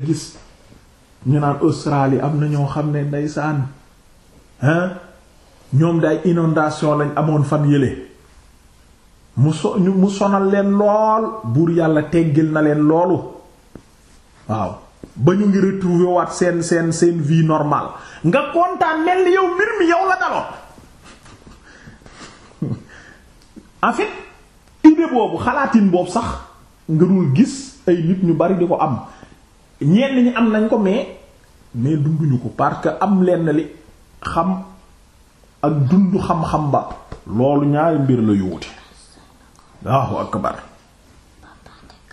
gis ñu naan Australie am na ñoo xam ne ndeysaan hein ñoom day inondation lañ amoon fan yële mu sonal leen lool buur yàlla teggil na leen loolu waaw ba ñu ngi retrouver waat seen seen seen vie normale nga kontaan mel ni mbir mi yow la daloon en fait boobu xalaatin boobu sax nga gis ay nit ñu bari di ko am ñenn ñi am nañ ko mais mais dunduñu ko parce que am lenn li xam ak dundu xam-xam ba loolu ñaari mbir la yu wuti waaw akbar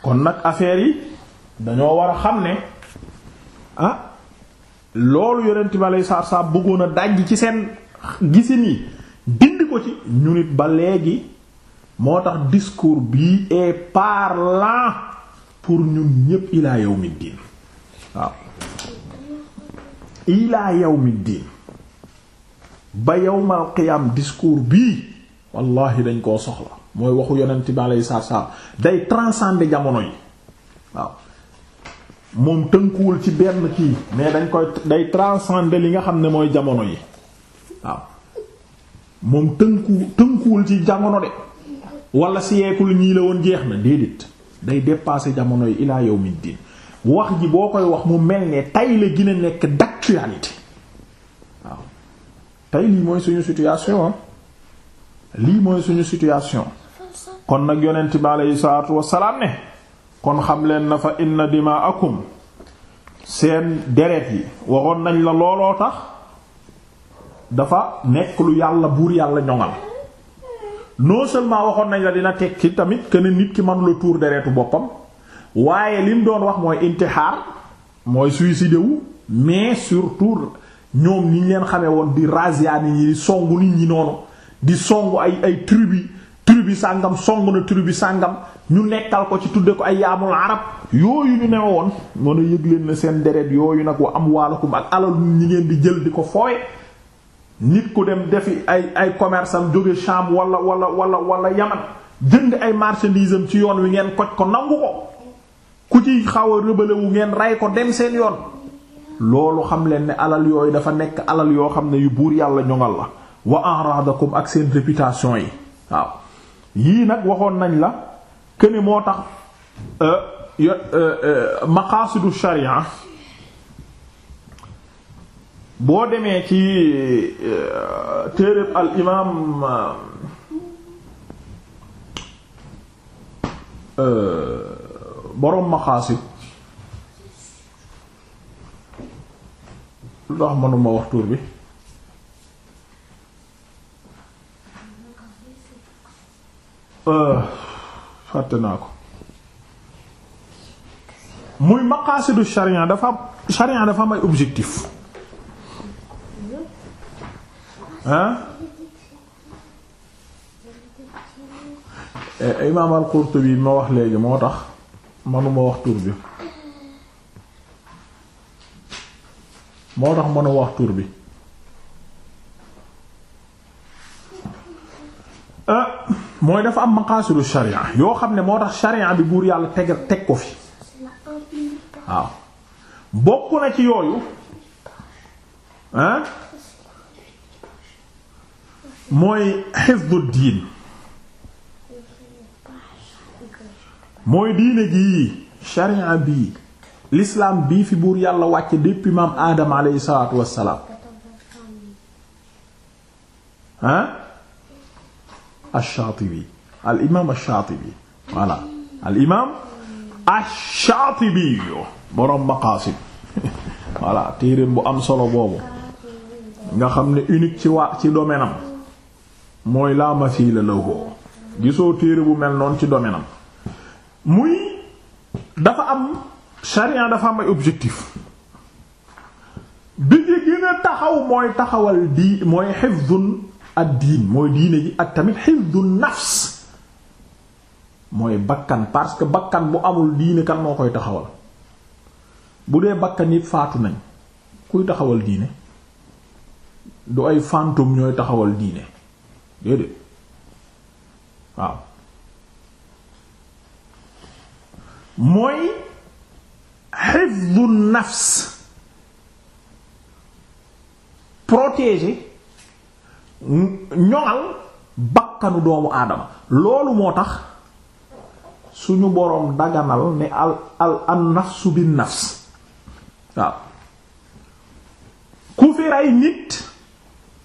kon nag affaire yi dañoo war a xam ne ah, loolu yonent bi alay saar saar bëggoon a daj ci seen gisin yi dindi ko ci ñu nit ba léegi moo tax discours bii est parlant pour ñun ñépp ilaa yawmi diin waaw ilaa yawmiddin ba yawmal qiyaam discours bii wallahi dañ koo soxla mooy waxu yonent bi alayhi salaatu salaam day transcender jamono yi waaw moom tënkuwul ci benn kii mais dañ koy day transcender li nga xam ne mooy jamono yi waaw moom tënku tënkuwul ci jamono de wala siècle ñii la woon jeex na déedéet day dépasser jamono yi ilaa yawmiddin wax ji boo koy wax mu mel ne tay la gën a nekk d'actualité waaw tey lii mooy suñu situation lii mooy suñu situation kon nag yonent bi aleyhi salaatu wasalaam ne kon xam leen na fa inna dimaakum seen deret yi waxoon nañ la looloo tax dafa nekk lu yàlla buur yàlla ñoŋal non seulement waxoon nañ la dina tekki tamit que ne nit ki mënula tuur dereetu boppam waaye li mu doon wax mooy intixaar mooy suicide wu mais surtout ñoom ni ñu leen xamee woon di razzia nit ñi di songu nit ñi noonu di songu ay ay tribu tribu sàngam songu na tribu sàngam ñu nekkal ko ci tudde ko ay yaamul arab yooyu ñu ne woon mën a yëg leen na seen deret yooyu nag wa am waalakum ak alal ñi ngeen di jël di ko fooye nit ku dem defi ay ay commerce am jóge Sham wala wala wala wala Yaman jënd ay marchandises am ci yoon wi ngeen koj ko nangu ko ku ci xaw a rëbalewu ngeen rey ko dem seen yoon loolu xam leen ne alal yooyu dafa nekk alal yoo xam ne yu buur yàlla ñoŋal la wa aradakum ak seen réputation yi waaw yii nag waxoon nañ la këni moo tax euh, euh, euh, maqaasidu sharia boo demee ci téeréb al imaam boroom maqaasid lu tax mënuma wax tur bi euh, fàtte naa ko muy maqaasidu sharia dafa sharia dafa am objectif ah imaam al-Qurtubi ma wax léegi moo tax manuma wax tur bi moo tax manuma wax tur bi ah, mooy dafa am maqaasidu sharia yoo xam ne moo tax sharia bi buur yàlla teg teg ko fi waaw bokk na ci yooyu ah? mooy hifdu diin mooy diine jii sharia bii l'islam bii fi buur yàlla wàcce depuis maam aadam aleyhi salaatu wassalaam ah ash-Shaatibi al imaam voilà al imaam ash-Shaatibi boroom maqaasid voilà téereem bu am solo boobu nga xam ne unique ci waa ci domaine am mooy la masiila lahu gisoo téere bu mel noonu ci domaine muy dafa am sharia dafa am ay objectif bi gi gën a taxaw mooy taxawal di mooy hifdun ad diin mooy diine ji ak tamit hifdun nafs mooy bakkan parce que bakkan bu amul diine kan moo koy taxawal bu dee bakkan yi faatu nañ kuy taxawal diine du ay fantôme ñooy taxawal diine déedéet waaw mooy hifdhu nafs protéger ñoŋal bakkanu doomu aadama loolu moo tax suñu boroom daganal ne al al an nafsu bin nafs waaw ku fi rey nit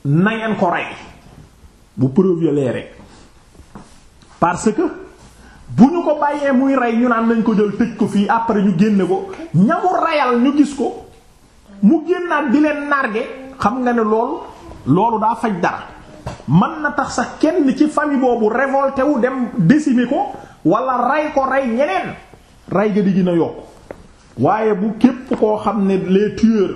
nangeen ko rey bu preuve leer parce que bu ñu ko bàyyee muy rey ñu naan nañ ko jël tëj ko fii après ñu génne ko ñamu reyal ñu gis ko mu génnaat di leen narge xam nga ne lool loolu daa faj dara mën na tax sax kenn ci famille boobu révolté wu dem décimer ko wala rey ko rey ñeneen rey ga di gën yokk waaye bu képp koo xam ne les tueurs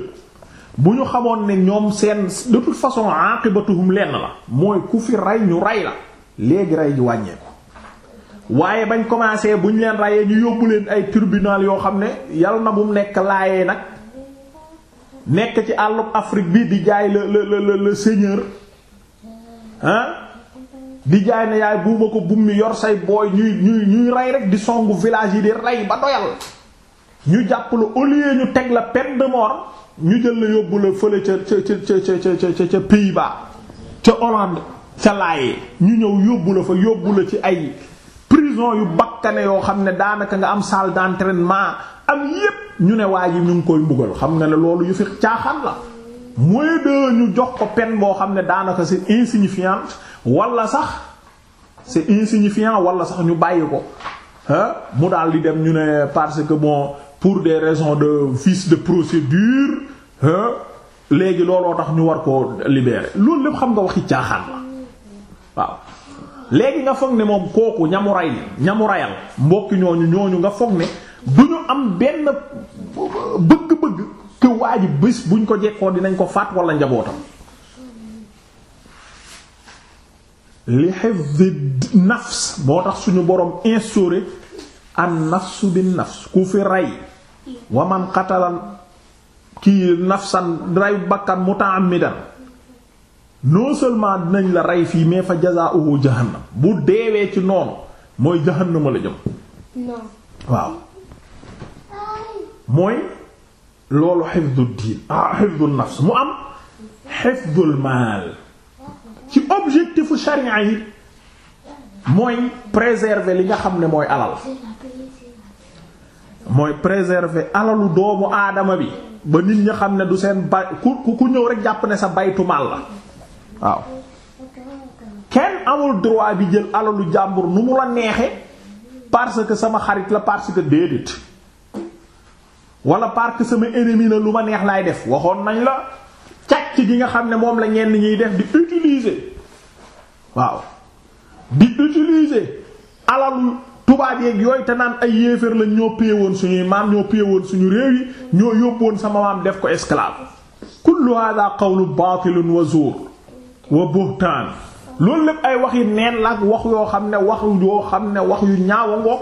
bu ñu xamoon ne ñoom seen de façon façon aqibatuhum lenn la mooy ku fi rey ñu rey la léegi rey ji wàññeeku. waaye bañ bu buñ leen rayee ñu yóbbu leen ay tribunal yoo xam ne yal na bu mu nekk laayee nag nekk ci àllub Afrique bi di jaay la la la la seigneur ah di jaay na yaay buuma ko bum yor say booy ñuy ñuy ñuy rey rek di songu village yi di rey ba doyal ñu jàpp la au lieu ñu teg la peine de mort ñu jël la yóbbu la fële ca ca ca ca ca ca Pays-Bas ca Hollande ca laayee ñu ñëw yóbbu la fa yóbbu la ci ay. prison yu bakkane yoo xam ne daanaka nga am salle d'entraînement am yépp ñu ne waa ji ñu ngi koy mbugal xam nga ne loolu yu fi caaxaan la mooy de ñu jox ko peine boo xam ne daanaka c'est insignifiant wala sax c'est insignifiant wala sax ñu bàyyi ko ah mu daal di dem ñu ne parce que bon pour des raisons de vice de procédure ah léegi looloo tax ñu war ko libérer loolu lépp xam nga waxi caaxaan la waaw. léegi nga foog ne moom kooku ñamu ray ñamu rayal mbokki ñooñu ñooñu nga foog ne du ñu am benn bëgg-bëgg te waa ji buñ ko jekkoo dinañ ko faat wala njabootam li hifzi nafs moo tax suñu boroom instauré an nafsu bin nafs ku fi rey waman qatalan kii nafsan rey bakkan muta'ammidan non seulement dinañ la rey fii mais fa jasa jazaa'uhu jahannam bu deewee ci noonu mooy jahannama la jëm waaw mooy loolu xifdu diin ah xifdu nafs mu am xifdul maal ci objectifu charia yi mooy préserver li nga xam ne mooy alal mooy préserver alalu doomu aadama bi ba nit ñi xam ne du seen bay ku ku ñëw rek jàpp ne sa baytu maal la waaw kenn amul droit bi jël alalu jàmbur nu mu la neexe parce que sama xarit la parce que déedéet wala parce que sama ennemi la lu ma neex laay def waxoon nañu la càcc gi nga xam ne moom la ñenn ñuy def di utiliser waaw di utiliser alalu tubaab yeeg yooyu te naan ay yéeféer lañ ñoo pée woon suñuy maam ñoo pée woon suñu réew yi ñoo yóbboon sama maam def ko esclave kullu hada qawlu batilun wa zur wa buhtaan loolu lépp ay wax neen la wax yoo xam ne wax yoo xam ne wax yu ñaawa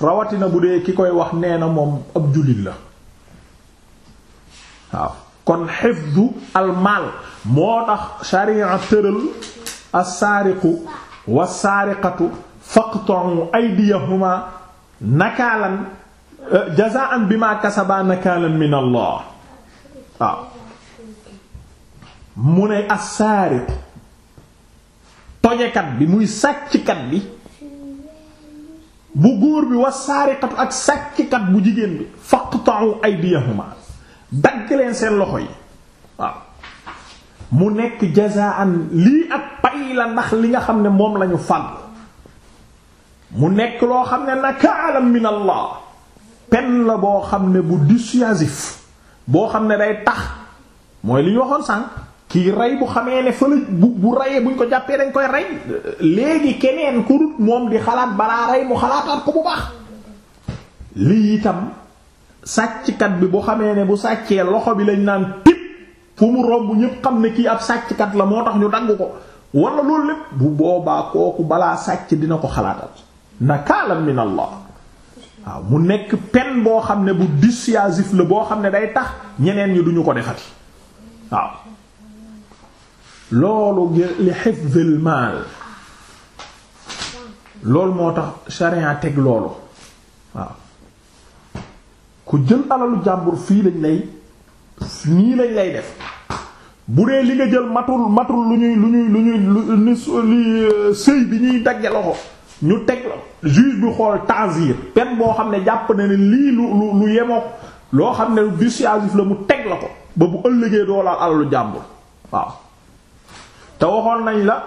rawatina bu dee ki koy wax nee na moom ab jullit la waaw kon xifdu almaal moo tax sharia tëral assaariqu wassaariqatu faqta'u aydiyahuma nakaalan eh, bi ma kasaba nakaalan min allah waaw mu ne assaariqu tojekat bi muy sàcckat bi bu góor bi wa saariqatu ak sàcckat bu jigéen bi faqta'u aydiyahuma dagg leen seen loxo yi waaw mu nekk jazaan lii ak pay la ndax li nga xam ne moom lañu fàggu mu nekk loo xam ne nakaalam min pen la boo xam ne bu dissuasif boo xam ne day tax mooy li ñu waxoon sànq kii rey bu xamee ne fële bu reyee buñ ko jàppee dañ koy rey léegi keneen ku moom di xalaat balaa rey mu xalaataat ko bu baax lii itam sàcckat bi bu xamee ne bu sàccee loxo bi lañ naan pip fu mu romb ñépp xam ne kii ab sàcckat la moo tax ñu dagg ko wala loolu lépp bu boobaa kooku balaa sàcc dina ko xalaatal nakaalam min allah waaw mu nekk pen boo xam ne bu dissuasif la boo xam ne day tax ñeneen ñi duñu ko defati waaw loolu li hifzil maal loolu moo tax sharia teg loolu waaw ku jël alalu jàmbur fii lañ lay nii lañ lay def bu dee li nga jël matul matul lu ñuy lu ñuy lu ñuy lu euh, sëy bi ñuy dagge loxo ñu teg la juge bi xool tazir pen boo xam ne jàpp na ne lii lu lu lu yemook loo xam ne lu dissuasif la mu teg la ko ba mu ëllëgee doolaal alalu jàmbur waaw te waxoon nañ la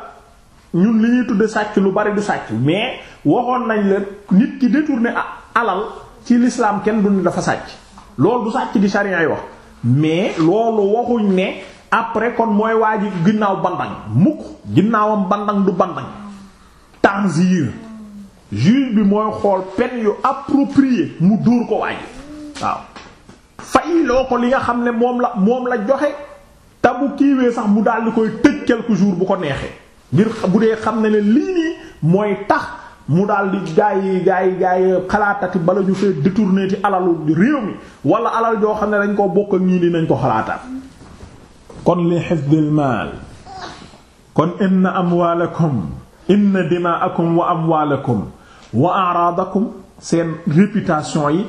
ñun li ñuy tudde sàcc lu bari du sàcc mais waxoon nañ la nit ki détourné alal ci lislaam kenn du ne dafa sàcc loolu du sàcc di charia yi wax mais loolu waxuñ ne après kon mooy waa ji ginnaaw bandang mukk ginnaawam bandang du bandang tanzir juge bi mooy xool peine yu approprié mu dóor ko waa ji waaw fay ko li nga xam ne moom la moom la joxe tabu bu kiiwee sax mu daal di koy tëj quelques jours bu ko neexee ngir bu dee xam ne ne lii nii mooy tax mu daal di gaa gaay gaa xalaatati bala ñu fee détourné ci alalu réew mi wala alal joo xam ne dañ koo bokk ak nii nañ ko xalaataat. kon li hifdil maal kon inna amwaalakum inna dimaakum wa amwaalakum wa a'raadakum seen réputation yi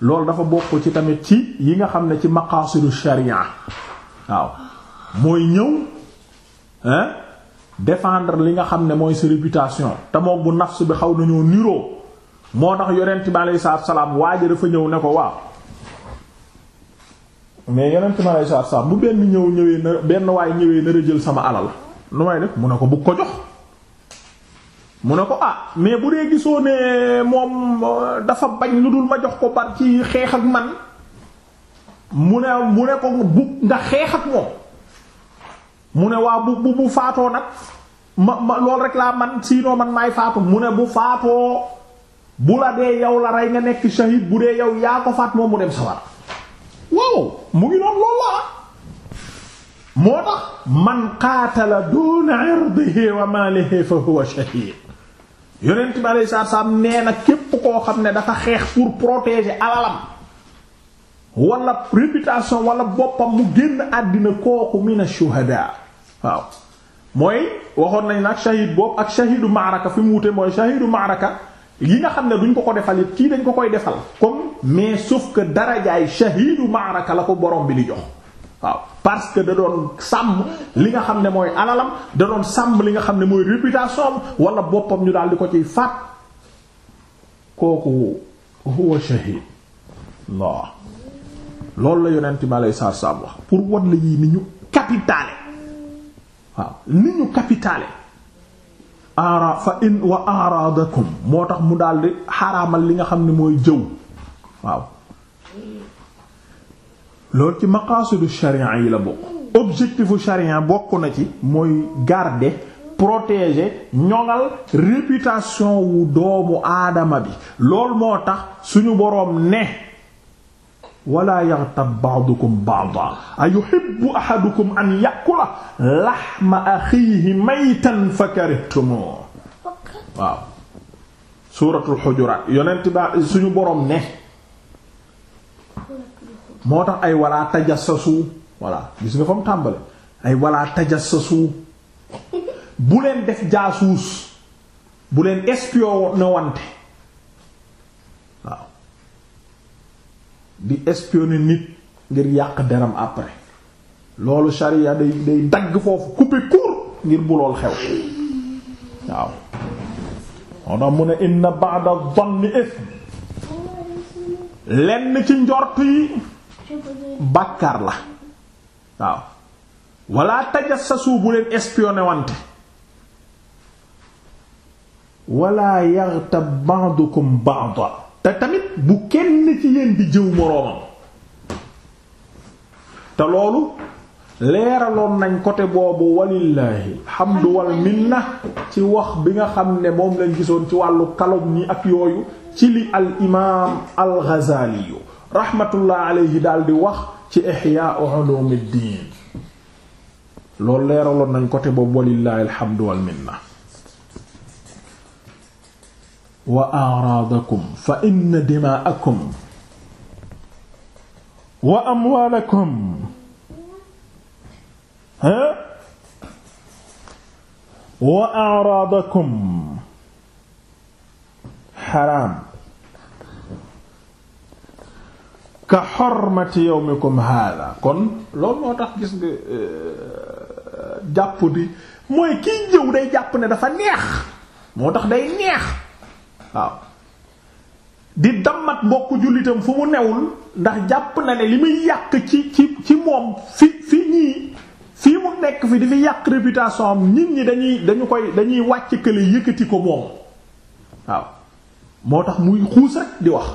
loolu dafa bokk ci tamit ci yi nga xam ne ci maqaasidu sharia waaw mooy ñëw hein défendre li nga xam ne mooy sa réputation te moom bu nafs bi xaw nañoo niroo moo tax yonent bi aleyhi salaatu salaam waaja dafa ñëw ne ko waaw mais yonent bi aleyhi salaatu salaam bu benn ñëw ñëwee na benn waay ñëwee na jël sama alal nu may def mu ne ko bugg ko jox mu ne ko ah mais bu dee gisoo ne moom euh, dafa bañ lu dul ma jox ko par ci xeex ak man mu ne mu ne ko bu nga xeex ak moom mu ne waa bu bu bu faatoo nag ma ma loolu rek laa man siinoo man maay faatu mu ne bu faatoo bu la dee yow la rey nga nekk shahid bu dee yow yaa ko faat moom mu dem sawara waaw mu ngi noonu loolu la moo tax man qaatala duna irdihi wa malihi fa huwa shahid nee na képp koo xam ne dafa xeex pour protéger alalam wala réputation wala boppam mu génn àddina kooku mina shuhada waaw mooy waxoon nañ nag shahid boobu ak shahidu maaraka fi mu wute mooy shahidu maaraka yi nga xam ne duñ ko ko defal it kii dañ ko koy defal comme mais sauf que darajaay shahidu maaraka la ko borom bi li jox waaw parce que da doon sàmm li nga xam ne mooy alalam da doon sàmm li nga xam ne mooy réputation wala boppam ñu daal di ko ciy faat kooku huwa shahid waaw loolu la yonent bi aleyhi salaatu salaam wax pour wan la yii ni ñu capitale waaw ni ñu capitale ara fa in wa aradakum moo tax mu daldi xaramal li nga xam ne mooy jëw waaw loolu ci maqaasidu sharia yi la bokk objectifu sharia bokk na ci mooy garder protéger ñoŋal réputation wu doomu aadama bi lool moo tax suñu boroom ne wala yaghtab ba'dukum ba'dan ayuhibbu ahadukum an ya'kula lahma akhihi maytan fakarihtumuh waaw suuratul xujuraat yonent ba suñu boroom ne moo tax ay wala tajassasu voilà gis nga fa bu def jaasuus bu leen espion na di espionner nit ngir yàq deram après loolu sharia day day dagg foofu couper court ngir bu lool xew waaw moo tax mu ne inna ba'da dhanni ithm lenn ci njort yi bàkkaar la waaw wala tajassasu bu leen espionner wante wala yaghtab ba'dukum ba'da te tamit bu kenn ci yéen di jëw moroomam te loolu leeraloon nañ côté boobu walillaahi hamdu wal minna ci wax bi nga xam ne moom lañ gisoon ci wàllu calomnie ak yooyu ci li al imaam al Ghazali rahmatullah alayhi daal di wax ci ihya ulumuddin loolu leeraloon nañ côté boobu walillaahi alhamdu wal minna wa a'raadakum fa inna dimaa'akum wa amwaalakum ha wa a'raadakum xaraam ka xormati yawmikum haadaa kon loolu moo tax gis nga euh, jàpp di mooy kiy jëw day jàpp ne dafa neex moo tax day neex waaw di dammat mbokk jullitam fu mu newul ndax jàpp na ne li muy yàq ci ci ci moom fi fi ñii fii mu nekk fi di fi yàq réputation am nit ñi dañuy dañu koy dañuy wàcc kële yëkkati ko moom waaw moo tax muy xuus rek di wax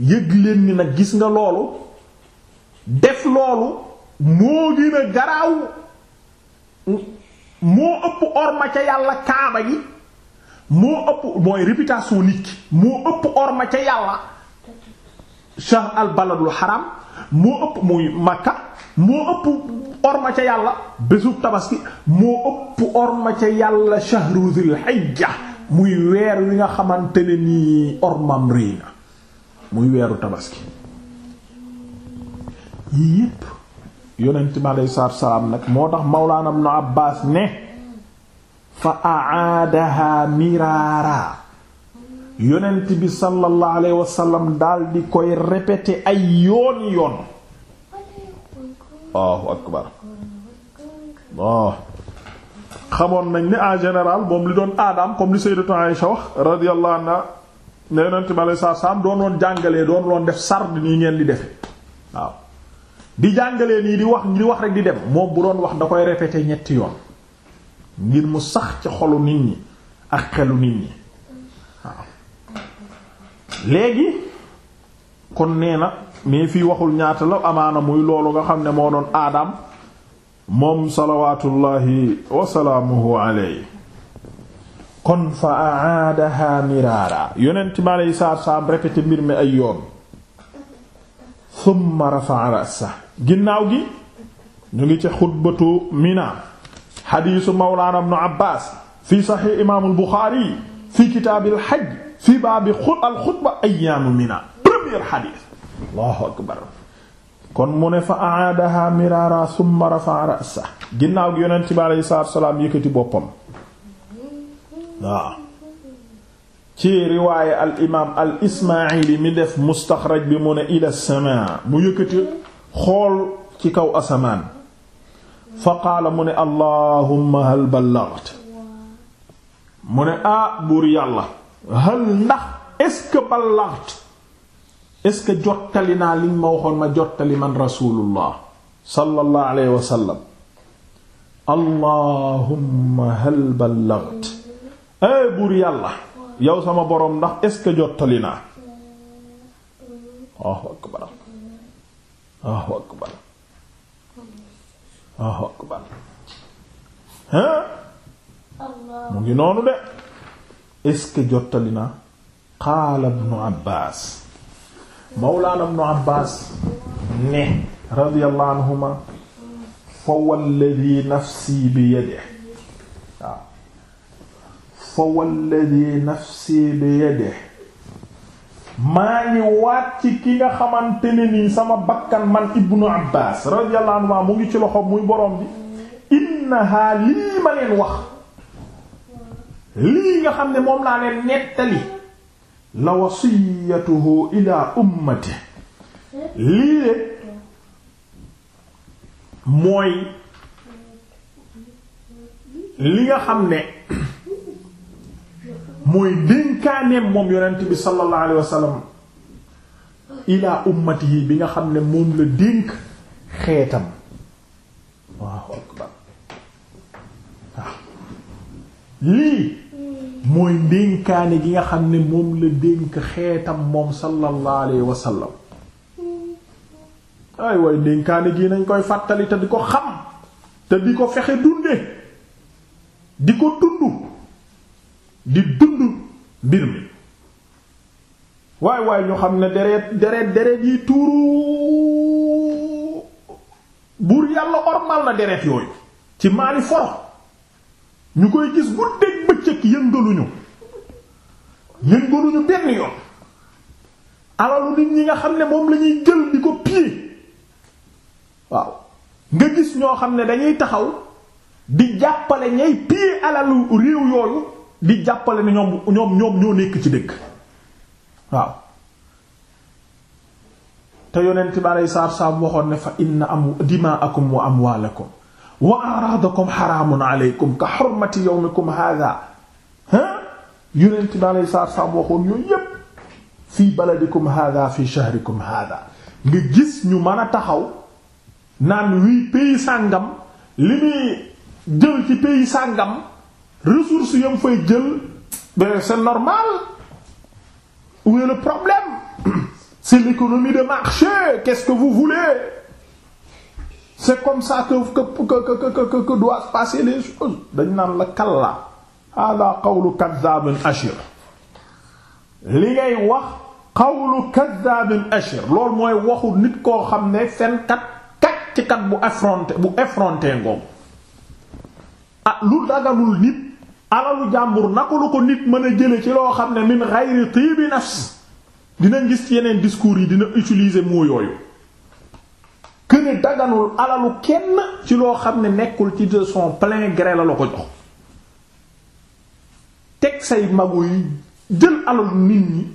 yëg leen ni nag gis nga loolu def loolu moo gën a garaaw moo ëpp orma ca yàlla kaaba gi moo ëpp mooy réputation nit ki moo ëpp orma ca yàlla shahr al baladul haram moo ëpp muy makka moo ëpp orma ca yàlla bésub tabaski moo ëpp orma ca yàlla shahru dhil hijja muy weer wi nga xamante ne nii ormam rëy na muy weeru tabaski yii yépp yonent mi aleyhi salaam nag moo tax mawlaana ibnu abbaas ne fa aadaha miraara yonent bi sallallahu alayhi wasallam daal di koy répéter ay yoon yoon Allahu akbar waaw xamoon nañ ni en général moom li doon aadaam comme li sayyidatu Aïsha wax radiyallahu anha ne yonent bi alayhi salaam doon doon jàngalee doon doon def sard nii ngeen di defe waaw di jàngalee nii di wax di wax rek di dem moom bu doon wax da koy répéter ñetti yoon ngir mu sax ci xolu nit ñi ak xelu nit ñi léegi kon nee na mais fii waxul ñaata la amaana muy loolu nga xam ne moo doon aadam moom salawaatullahi wasalaamuhu alayhi kon fa aadaha miraara yonent mi aleyi salaatu salaam répété mbir mi ay yoon thumma rafa'a sa ginnaaw gi ñu ngi ci xutbatu mina xadiisu mawlaana ibnu abbaas fi saxiix imaamul buxaari fi kitaabil xaj fi baabi al xutba ayyaamu mina premier xadiis allahu akbar kon mu ne fa aadaha miraara summa rafa'a ra'sa ginnaaw gi yonent bi alayhi salaatu wasalaam yëkkati boppam waaw ci riwaaya al imaam al ismaayili mi def mustaxraj bi mu ne ila samaa mu yëkkati xool ci kaw asamaan fa qaala mu allahumma hal ballaghta mu ne ah, buur yàlla hal ndax est-ce que ballaghta est-ce que waxoon ma jottali man rasulullah allahumma hal ballaghta ay eh, buur yàlla yow sama borom ndax est-ce que jottali naa waaw akbar mu ngi noonu de est-ce que jottali na qaala ibnu Abbaas mawlaana ibnu Abbaas ne radiyallahu anhuma fa walladhi nafsi bi yadihi waaw fa walladhi nafsi bi yadihi maa ngi waat ci ki nga xamante ne nii sama bakkan man ibnu abbas radiyallahu anhu mu ngi ci loxo muy borom bi innaha lii ma leen wax lii nga xam ne moom laa leen nettali la wasiyatuhu ila ummati lii de mooy li nga xam ne mooy dénkaaneem moom yonent bi sallallahu alayhi wa sallam yi bi nga xam ne moom la dénk xeetam waaw akbar waaw lii mooy dénkaane gi nga xam ne moom la dénk xeetam moom sallallahu alayhi wa sallam ay waay dénkaane gi nañ koy fàttali te di ko xam te di ko fexe dunde di ko dund di dund mbir mi waay waay ñu xam ne deret deret deret yi tuuru buur yàlla ormal na deret yooyu ci maali foro ñu koy gis bu dégg bëccëg yëngaluñu yëngaluñu benn yoon alalu nit ñi nga xam ne moom lañuy jël di ko piye waaw nga gis ñoo xam ne dañuy taxaw di jàppale ñay piye alalu réew yooyu di jàppale ni ñoom ñoom ñoo nekk ci dëgg waaw te yonent bi aleyhi salaatu salaam waxoon ne fa inna am dimaakum wa amwaalakum wa araadakum xaraamun aleykum ka xurmati yawmikum haadaa yonent bi aleyhi salaatu salaam waxoon yooyu yépp fii baladikum haadaa fii shahrikum haadaa nga gis ñu man a taxaw naan wii pays sàngam li muy jël ci pays sàngam ressources yam fay jël mais c'est normal où est le problème c'est l'économie de marché qu'est-ce que vous voulez c'est comme ça que que que que que que doivent dañ naan la kalla hada qawlu kadhabin ashir li ngay wax qawlu kadhabin ashir loolu mooy waxu nit koo xam ne seen kat kat ci kat bu affronté bu effronté ngoom ah lu dagalul nit alalu jàmbur naka lu ko nit mën a jële ci loo xam ne min ghayri tibi nafs dinañ gis ci yeneen discours yi dina utiliser moo yooyu këne daganul alalu kenn ci loo xam ne nekkul ci de son plein gré la la ko jox teg say magu yi jël alalu nit ñi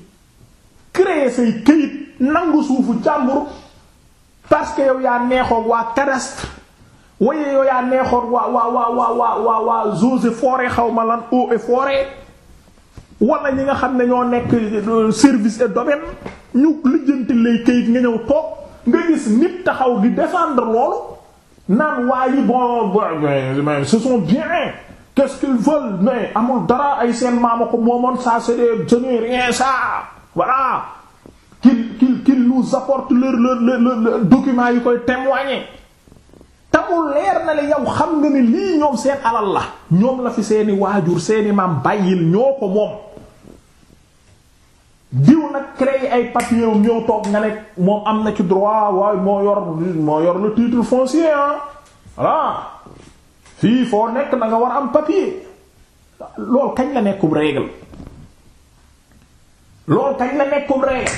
créer say këyit nangu suufu jàmbur parce que yow yaa neexoog waa cadastre waye yow yaa waa waa waa waa waa waa xaw ma lan eaux et forêt ñi nga xam ne ñoo nekk euh, service et domaine ñu lijjanti lay kayit nga ñëw toog nga gis nit taxaw di défendre loolu naan waa yi bon bon ce sont bien qu'est-ce amul dara ay seen maama ko moomoon ça c'est des jeunes rien ça voilà qu'ils qu'ils qu'ils nous apportent leur leur leur document yi koy témoigner. tamul leer na la yow xam nga ni lii ñoom seen alal la ñoom la fi seeni waajur seeni maam bàyyil ñoo ko moom diw nag créé ay papier ñoo toog nga ne moom am na ci droit waaye moo yor moo yor le titre foncier ah voilà fii foo nekk na nga war am papier loolu kañ la nekkum règle loolu kañ la nekkum règle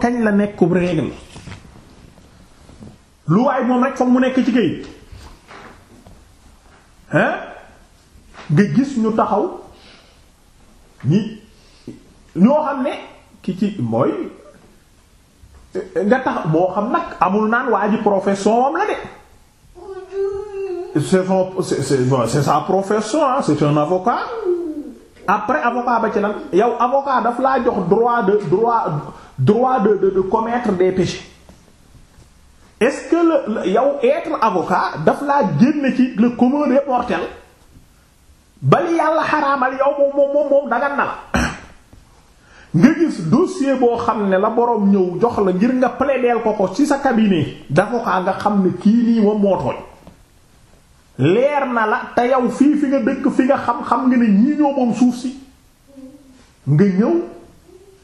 kañ la nekkum règle lu waay moom rek foog mu nekk ci kayit hein nga gis ñu taxaw ñi ñoo xam ne ki ci mooy nga tax moo xam nag amul naan waa ji profession moom la de c'est son c'est sa profession ah c'est un avocat après avocat ba ci lan yow avocat daf laa jox droit de droit droit de de commettre des péchés est-ce que le yow avocat daf laa génn ci le commun des bali yàlla xaraamal yow moom moom moom dagan na la nga gis dossier boo xam ne la boroom ñëw jox la ngir nga plaider ko ko ci sa cabinet d'avocat nga xam ne kii nii moom moo tooñ leer na la te yow fii fi nga dëkk fi nga xam xam nga ne ñii ñoo moom suuf si nga ñëw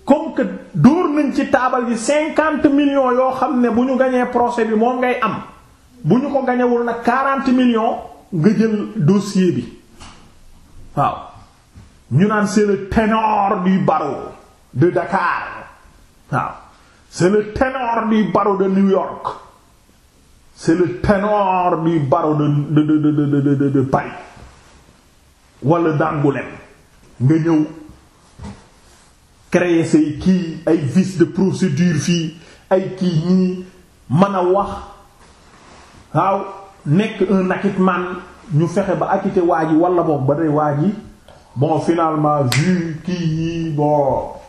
comme que dóor nañ ci taabal yi cinquante millions yoo xam ne bu ñu gañee procès bi moom ngay am bu ñu ko gañewul nag quarante millions nga jël dossier bi waaw ñu naan c'est le ténor du barreau de Dakar waaw c'est le ténor du barreau de New York c'est le ténor du barreau de de de de de de Paris wala d'Angoulême nga ñëw. créer say kii ay vices de procédure fii ay kii ñii mën a wax waaw nekk un man ñu fexe ba acquitté waa ji wala boog ba day waa ji bon finalement vu kii yi bon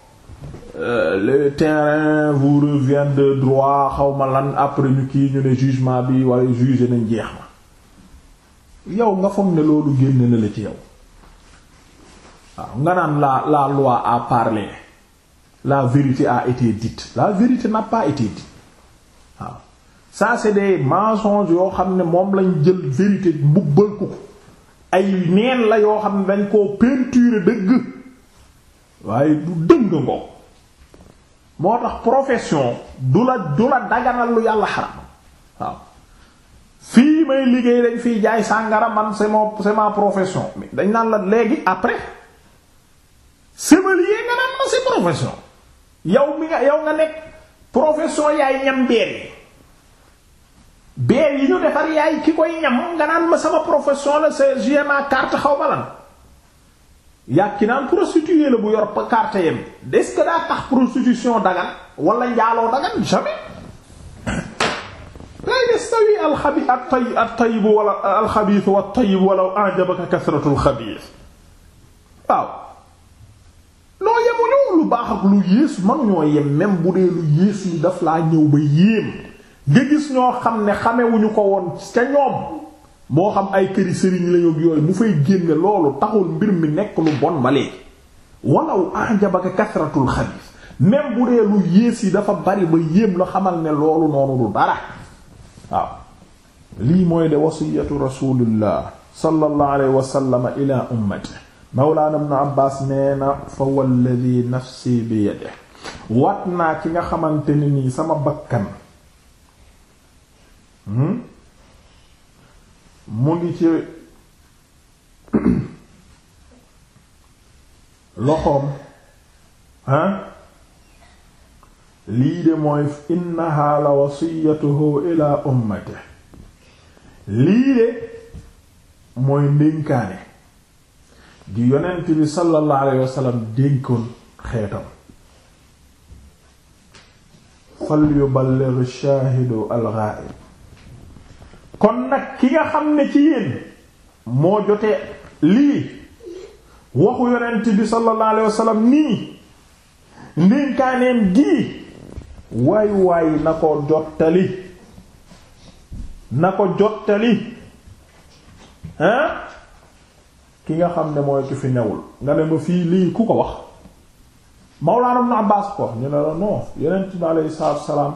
Euh, le terrain vous revient de droit xawma lan après ñu kii ñu ne jugement bi wala juge nañ jeex ma yow nga foog ne loolu génn na la ci yow waaw nga naan la la loi a parlé la vérité a été dite la vérité n'a été dite waaw ça c'est des mensonges yoo xam ne moom lañ jël vérité mbubbal ko ay neen la yoo xam ne dañ koo peinturer dëgg waaye du dëng ngo moo tax profession du la du la daganal lu yàlla xaram waaw fii may liggéey dañ fii jaay sàngara man c'est mon c'est profession dañ naan la léegi après sommelier nga naan ma c'est profession yow mi nga yow nga nekk profession yaay ñam beer yi beer yi ñu defar yaay ki koy ñam nga naan ma sama profession la c'est GMA carte xaw ma lan yàkki naan prostituée la bu yor carte yem est-ce que daa tax prostitution dagan wala njaaloo dagan jamais la yastawi al-khabith at-tayyib at-tayyib wala al-khabith wat-tayyib walaw waaw lu baax ak lu yéesu mënuñoo yem même bu dee lu yéesu yi daf laa ñëw ba yéem nga gis ñoo xam ne xamewuñu ko woon ca ñoom moo xam ay këri sëriñ lañu ak yooyu mu fay génne loolu taxul mbir mi nekk lu bon ba léegi walaw ajabaka kasratul xabis même bu dee lu yées yi dafa bari ba yéem la xamal ne loolu noonu du dara waaw lii mooy de wasiyatu rasulillah sallallahu alayhi wa ila ummati mawlaana ibn Abbaas nee na fa walladi nafsi bi yadihi waat naa ci nga xamante ne nii sama bakkan hmm? mu ngi ci loxoom ah lii de mooy innaha la wasiyatuhu ila lii de mooy ndénkaane di yonent bi sallallahu alayhi dénkoon xeetam fal yuballigh ash-shahidu al-ghaib kon nag ki nga xam ne ci yéen moo jotee lii waxu yonent bi sallallahu alayhi nii ndénkaaneen gii waay waay na ko jottali na ko jottali hein ki nga xam ne mooy ku fi newul nga ne ma fii lii ku ko wax Mawlaana Ibn Abbaas ko wax ñu ne la non Yonent bi aleyhi salaam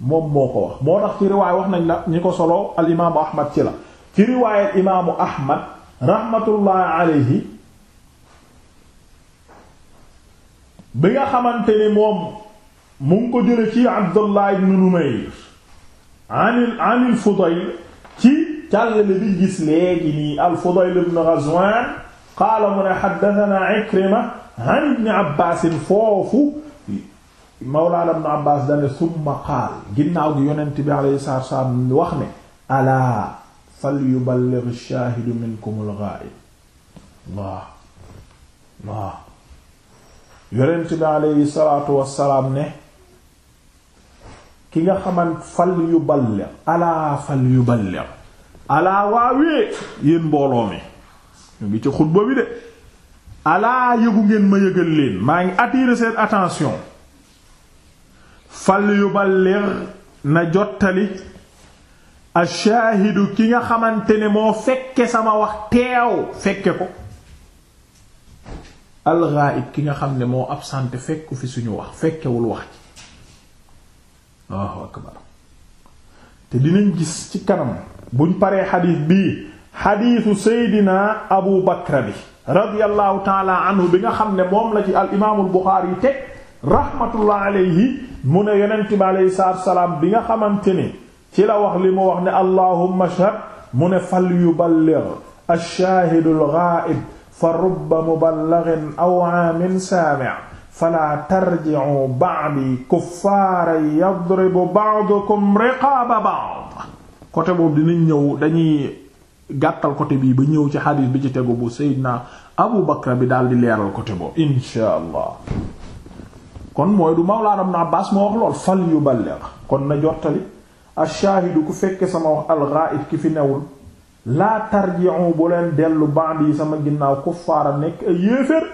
moom moo ko wax moo tax ci riwaay wax nañ la ñi ko solo al imaamu Ahmad ci la ci riwaayal imaamu Ahmad rahmatullahi aleyhi bi nga xamante ni moom mu ko jële ci Abdullah ibn Numayr an an al Fudayl càllale biñ gis léegi nii al-Fudayl ibn Ghazwan qaala mu ne haddathana Ikrima an ibn Abbas foofu mawlaana ibn Abbas dane summa qaal ginnaaw gi yonent bi alayhi salaatu wassalaam wax ne alaa falyuballigh ash-shaahidu minkum al-ghaa'ib waaw waaw yonent bi alayhi salaatu wassalaam ne ki nga xamant fal yuballigh alaa fal yuballigh alaa waawee yéen mbooloo mi ñu ngi ci xutba bi de alaa yëgu ngeen ma yëgal leen maa ngi attirer seen attention ba yuballigh na jottali ashaahidu ki nga xamante ne moo fekke sama wax teew fekke ko alxaayib ki nga xam ne moo absent fekku fi suñu wax fekkewul wax ci waaw te dinañ gis ci kanam buñ paree xadiis bii xadiisu seydina abu bakra bi radiallahu taala anhu bi nga xam ne moom la ci al imaamul buxaari yi teg rahmatullah alayhi mu ne yonent bi aleyhi salaam bi nga xamante ni ci la wax li mu wax ne allahumma ashhad mu ne fal yuballigh ash-shaahidul ghaa'ib fa rubba muballighin aw aamin saami' fala tarji'u ba'di kuffaaran yadribu ba'dukum riqaaba ba'd côté boobu dinañ ñëw dañuy gàttal côté bii ba ñëw ci xadiis bi ci tegu bu Seydina Abu Bakra bi daal di leeral côté boobu insha allah kon mooy du Mawlaana Ibn Abbaas moo wax lool fal yuballigh kon na jottali ash-shaahidu ku fekke sama wax al-ghaa'ib ki fi newul laa tarji'u bu leen dellu ba'di yi sama ginnaaw kuffaara nekk ay yéeféer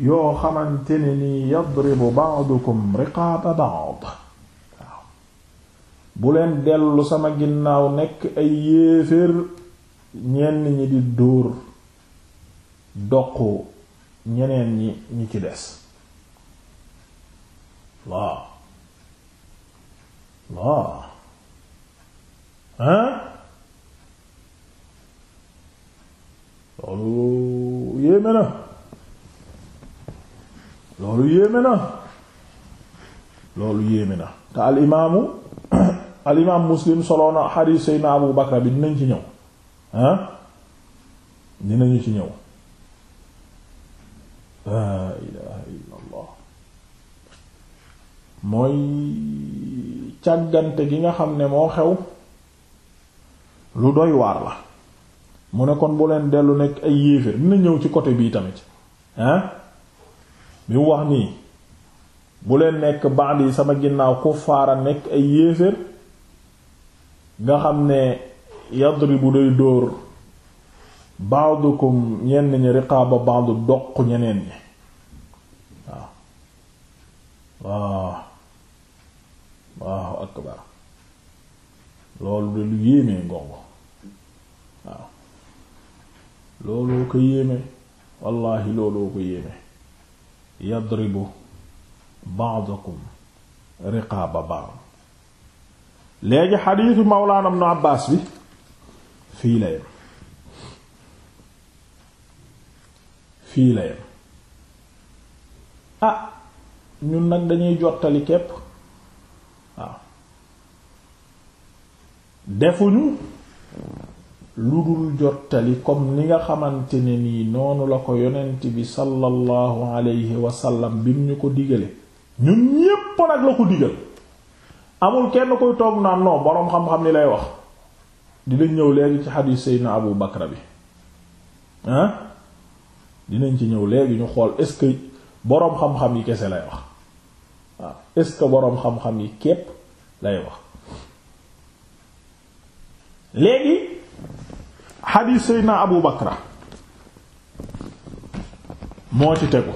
yoo xamante ne nii yadribu ba'dukum riqaaba ba'd bu leen dellu sama ginnaaw nekk ay yéeféer ñenn ñi di dóor doqu ñeneen ñi ñi ci des waaw waaw hein loolu yéeme na loolu yéeme na loolu yéeme na te al al imaam muslim soloona xadiis seydna abu bakra bi dinañ ci ñëw ah dinañu ci ñëw laa ilaha illa mooy càggante gi nga xam ne moo xew lu doy waar la mu ne kon bu leen dellu nekk ay yéeféer dina ñëw ci côté bii tamit ah bi mu wax nii bu leen nekk ba'di sama ginnaaw ku faara nekk ay yéeféer nga xam ne yadribu day dóor ba'dukum ñenn ñi riqaaba ba'du doq ñeneen ñi waaw waaw waaw akbar loolu de lu yéemee ngongo waaw looloo ko yéeme wallahi looloo ko yéeme yadribu ba'dukum riqaaba ba'd léegi xadiisu mawlaana ibnu Abbaas bi fii la yem fii la yem ah ñun nag dañuy jottali képp waaw defuñu lu dul jottali comme ni nga xamante ne nii noonu la ko yonent bi sallallahu alayhi wa sallam bim ñu ko digale ñun ñépp nag la ko digal amul kenn koy toog naan non boroom xam-xam ni lay wax dinañ ñëw léegi ci xadiis Seydina Abu Bakra bi dinañ ci ñëw léegi ñu xool est ce boroom xam-xam yi kese lay wax waaw boroom xam-xam yi képp lay wax léegi xadiis Seydina Abu Bakra moo ci tegu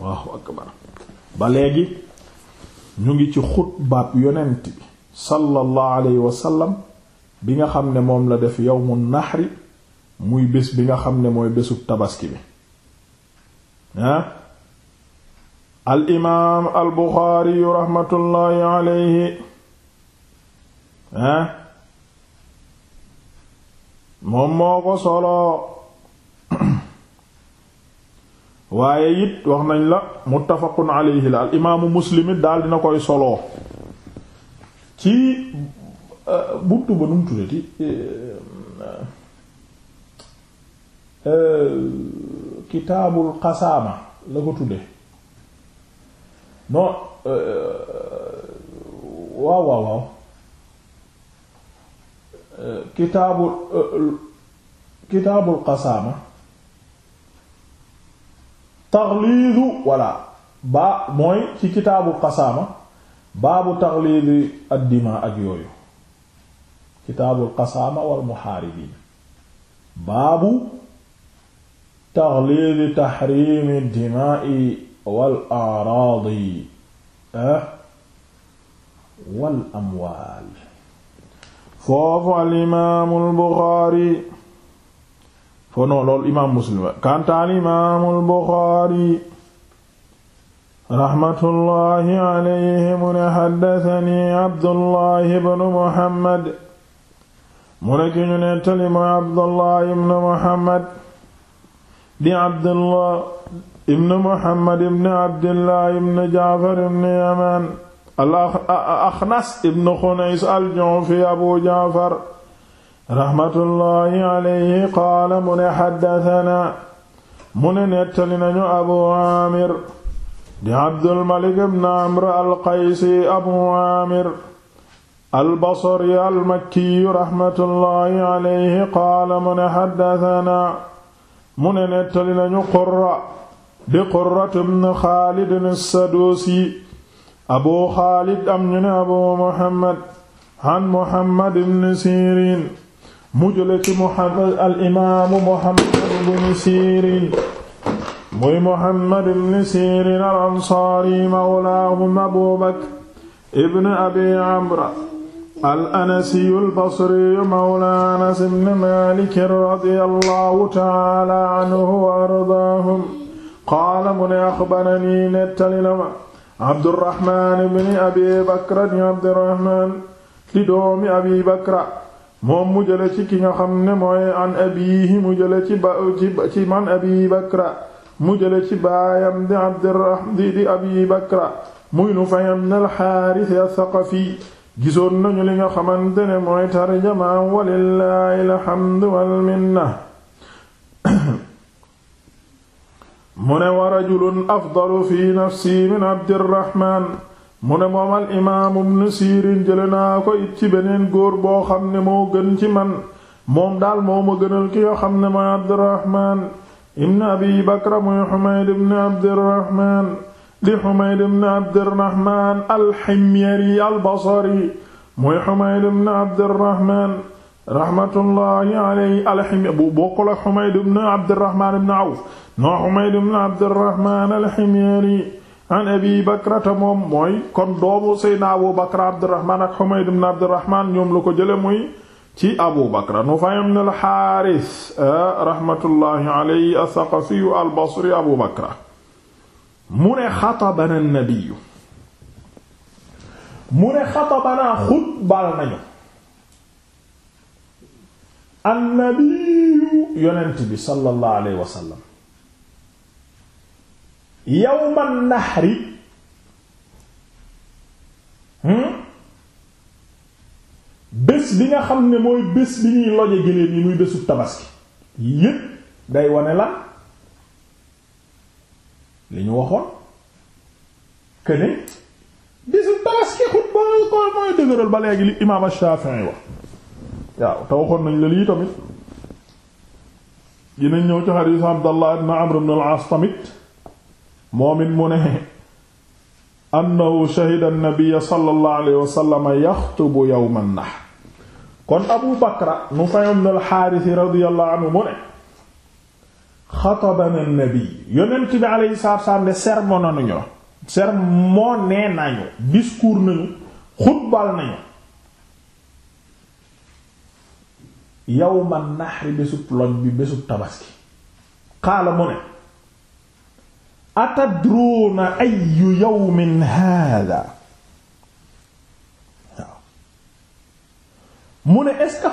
waaw ba léegi ñu ngi ci xutbaab yonent bi sallallahu alayhi wa bi nga xam ne moom la def yawmu naxri muy bés bi nga xam ne mooy bésub tabaski bi ah al imaam raxmatullaahi alayhi ah moom moo ko solo waaye it wax nañ la muttafaqun alayhi la al imaamu muslim it daal dina koy soloo ci euh, buntu ba nu mu tuddati euh, euh, kitaabul qasaama la ko tudde non waaw waaw waaw kitaabul kitaabul qasaama taxliidu walla baa mooy ci kitaabu qasaama baabu taxliidi addima ak yooyu kitaabul qasaama wal muhaaribiin baabu taxliidi taxriimi dimaai wal araadi ah, wal amwaal foofu al imaamul buxaari fono loolu imaam muslim kantaan imaamul buxaari raxmatullaahi alayhi mu ne xaddatani abdullaahi bnu muhammad mu ne ki ñu nettali mooy abdullaahi bnu muhammad di abdullah ibn muhammad ibn abdullah ibn jaafar ibn yamaan al axnas ibn xunays al jufi abu jaafar raxmatullahi alayhi qaala mu ne xaddatana mu ne nettali nañu abu aamir di abdulmalik ibn amr alqaysi abu aamir albasri almakkiyu raxmatullahi alayhi qaala mu ne xaddatana mu ne nettali nañu qurra di qurratu ibn xaalid as-saduusi abu xaalid am ñu ne abu muhammad an muhammad ibn siiriin mu jële ci Muhammad al imaamu Muhammad ibn Sirin muy Muhammad ibn Sirin al ansaari mawlaahum Abu Bakr ibn Abi Amra al anasi al basri mawla Anas ibn Maalik radiyallahu ta'ala anhu wa ardaahum qaala mu ne axbaranii nettali na ma Abdurrahmaan ibn Abi Bakr di Abdurrahmaan di doomi Abi Bakra moom mu jële ci ki nga xam ne mooy an abiihi mu jële ci ba ci man abi bakra mu jële ci baayam di abdirahman bakra muy nu fayam na alxaaris as-saqafi gisoon nañu li nga xamante ne mooy tarjamaam walillahi alhamdu wal minna mu ne wa rajulun afdalu fi nafsi min abdirahman mu ne moom al imaam ibn Sirin jële naa ko it ci beneen góor boo xam ne moo gën ci man moom daal moo ma gënal ki nga xam ne mooy Abdurrahman ibn Abi Bakra muy Humayd ibn Abdurrahman di Humayd ibn Abdurrahman al-Himyari al-Basri muy Humayd ibn Abdurrahman rahmatullahi alayhi al-Himyari bu bokkul ak Humayd ibn Abdurrahman ibn Awf noo Humayd al-Himyari an abi bakrata moom mooy kon doomu seydna abu bakra abdurrahman ak humayd ibn abdurrahman ñoom la ko jële muy ci abu bakra nufay ibn al xaaris rahmatullahi alayhi as-saqafiyu al basri abu bakra mu ne xatabana nabiyu mu ne xatabana xutbal nañu annabiyu yonent bi sallallahu alayhi wa sallam yawman nahri hmm? bés bi nga xam ne mooy bés bi ñuy loje géléem yi muy bésu tabaski yépp day wane lan li ñu waxoon këne bésu tabaski xutba ko mooy dëgëral ba léegi li imaam Shafi'i wax waaw te waxoon nañ la lii tamit dinañ ñëw ci xadiis Abdallah ibn Amr ibn al tamit moom it mu ne annahu shahida an-nabiy sallallahu alayhi wa sallam yaxtubu yawm an-nahr kon abu bakra nufay ibn al-harith radiyallahu anhu mu ne xatabana an-nabi yonent bi alayhi salaatu de sermoné nañu sermoné nañu discours nañu xutbal nañu yawm an-nahr bésub loñ bi bésub tabaski xaala mu ne atadruuna ayu yawmin hada waaw mu ne est-ce hmm?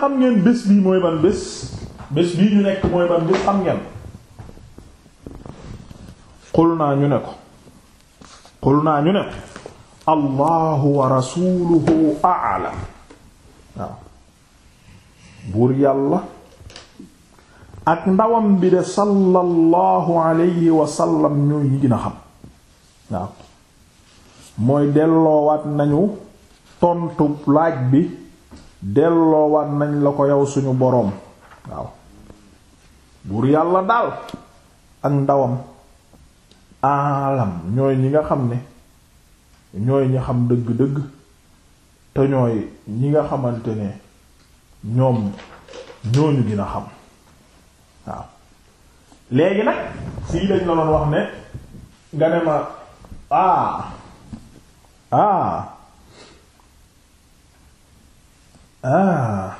xam ngeen bés bii mooy ban bés bés bii ñu nekk mooy ban bés xam ngeen qul naa ñu ne ko xul naa ñu ne allahu wa rasuluhu a'lam waaw buur yàlla ak ndawam bi de sallallahu alayhi wa sallam ñooñu xam waaw mooy delloowaat nañu tontu laaj bi delloowaat nañ la ko yow suñu boroom waaw buur yàlla daal ak ndawam alam ñooy ñi nga xam ne ñooy ñi xam dëgg-dëgg te ñooy ñi nga xamante ne ñoom ñooñu gën a xam waaw léegi nag fii dañ la doon wax ne nga ne ah ah ah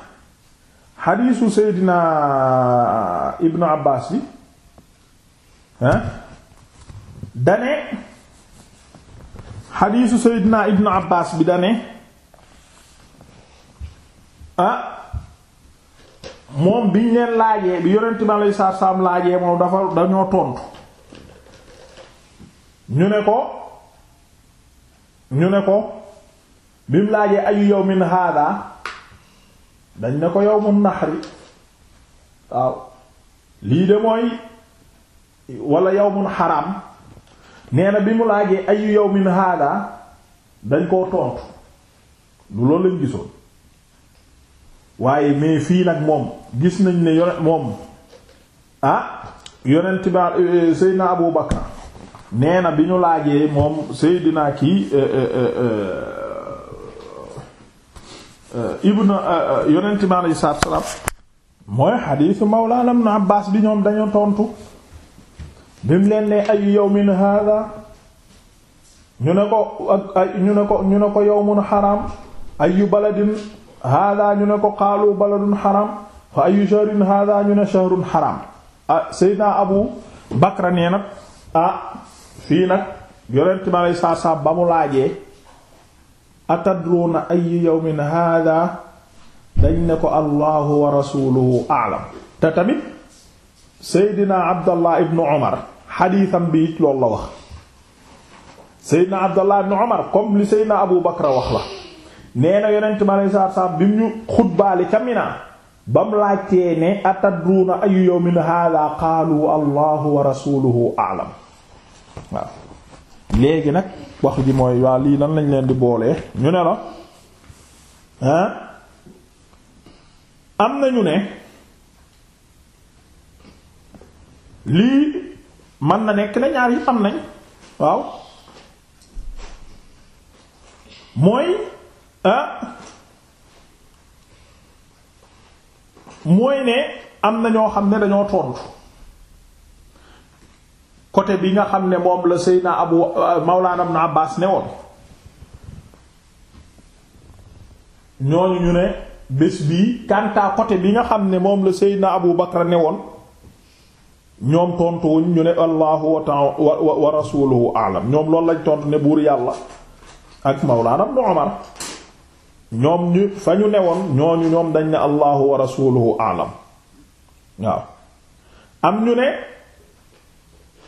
xadiisu Seydina Ibnu Abbaas bi hein ah, dane xadiisu seydina ibnu abbaas bi dane ah moom biñ leen laajee bi yonent bi alayhi salaatu salaam laajee moom dafa dañoo tontu ñu ne ko ñu ne ko bimu laajee ayu yawmin haadaa dañ ne ko yawmun nahri waaw lii de mooy wala yawmun haram neena bi mu laajee ayu yawmin haada dañ koo tontu lu loolu lañ gisoon waaye mais fii nag moom gis nañ ne yonent moom ah yonent ba eh, eh, Seydina Abu Bakar nee na bi ñu laajee moom Seydina kii eh, ibna yonent bi aleyhi salaatu wa salaam mooy xadiisu Mawlaana Ibn Abbaas bi ñoom dañu tontu bi mu ay yawmin hada ñu ne ko ak ñu ne ko ñu ne ko yawmun xaram ñu ne ko xaalu baladun xaram fa ayu shahrin hada ñu ne shahrun xaram ah Seydina Abu Bakra nee nag ah fii nag yonent ma lay ba mu laajee atadruna ay yawmin hada dañ ne ko allahu wa rasuluhu a'lam te tamit Seydina Abdallah ibnu Umar xadiisam bi it loolu la wax seydna abdallah ibn omar comme li seydna abu bakra wax la nee na yonent mi alei bi mu ñu xutbaali ca Mina ba mu laajtee ne atadruuna ayu yawmin haadaa qaalu allahu wa rasuluhu a'lam waaw léegi nag wax ji mooy waa lii lan lañ leen di boolee ñu ne la ah am nañu ne lii man na nekk na ñaar yi am nañ waaw mooy ah, mooy ne am na ñoo xam ne dañoo tontu côté bi nga xam ne moom la Seydina Abu Mawlana Ibn Abbas ne woon ñooñu ñu ne bés bii kanta côté bi nga xam ne moom la Seydina Abu Bakra ne woon ñoom tontu wuñ ñu ne allahu wa ta'ala wa rasuluhu a'lam ñoom loolu lañ tontu ne buur yàlla ak mawlaana ibn Umar ñoom ñu fa ñu newoon ñooñu ñoom dañ ne allahu wa rasuluhu a'lam waaw am ñu ne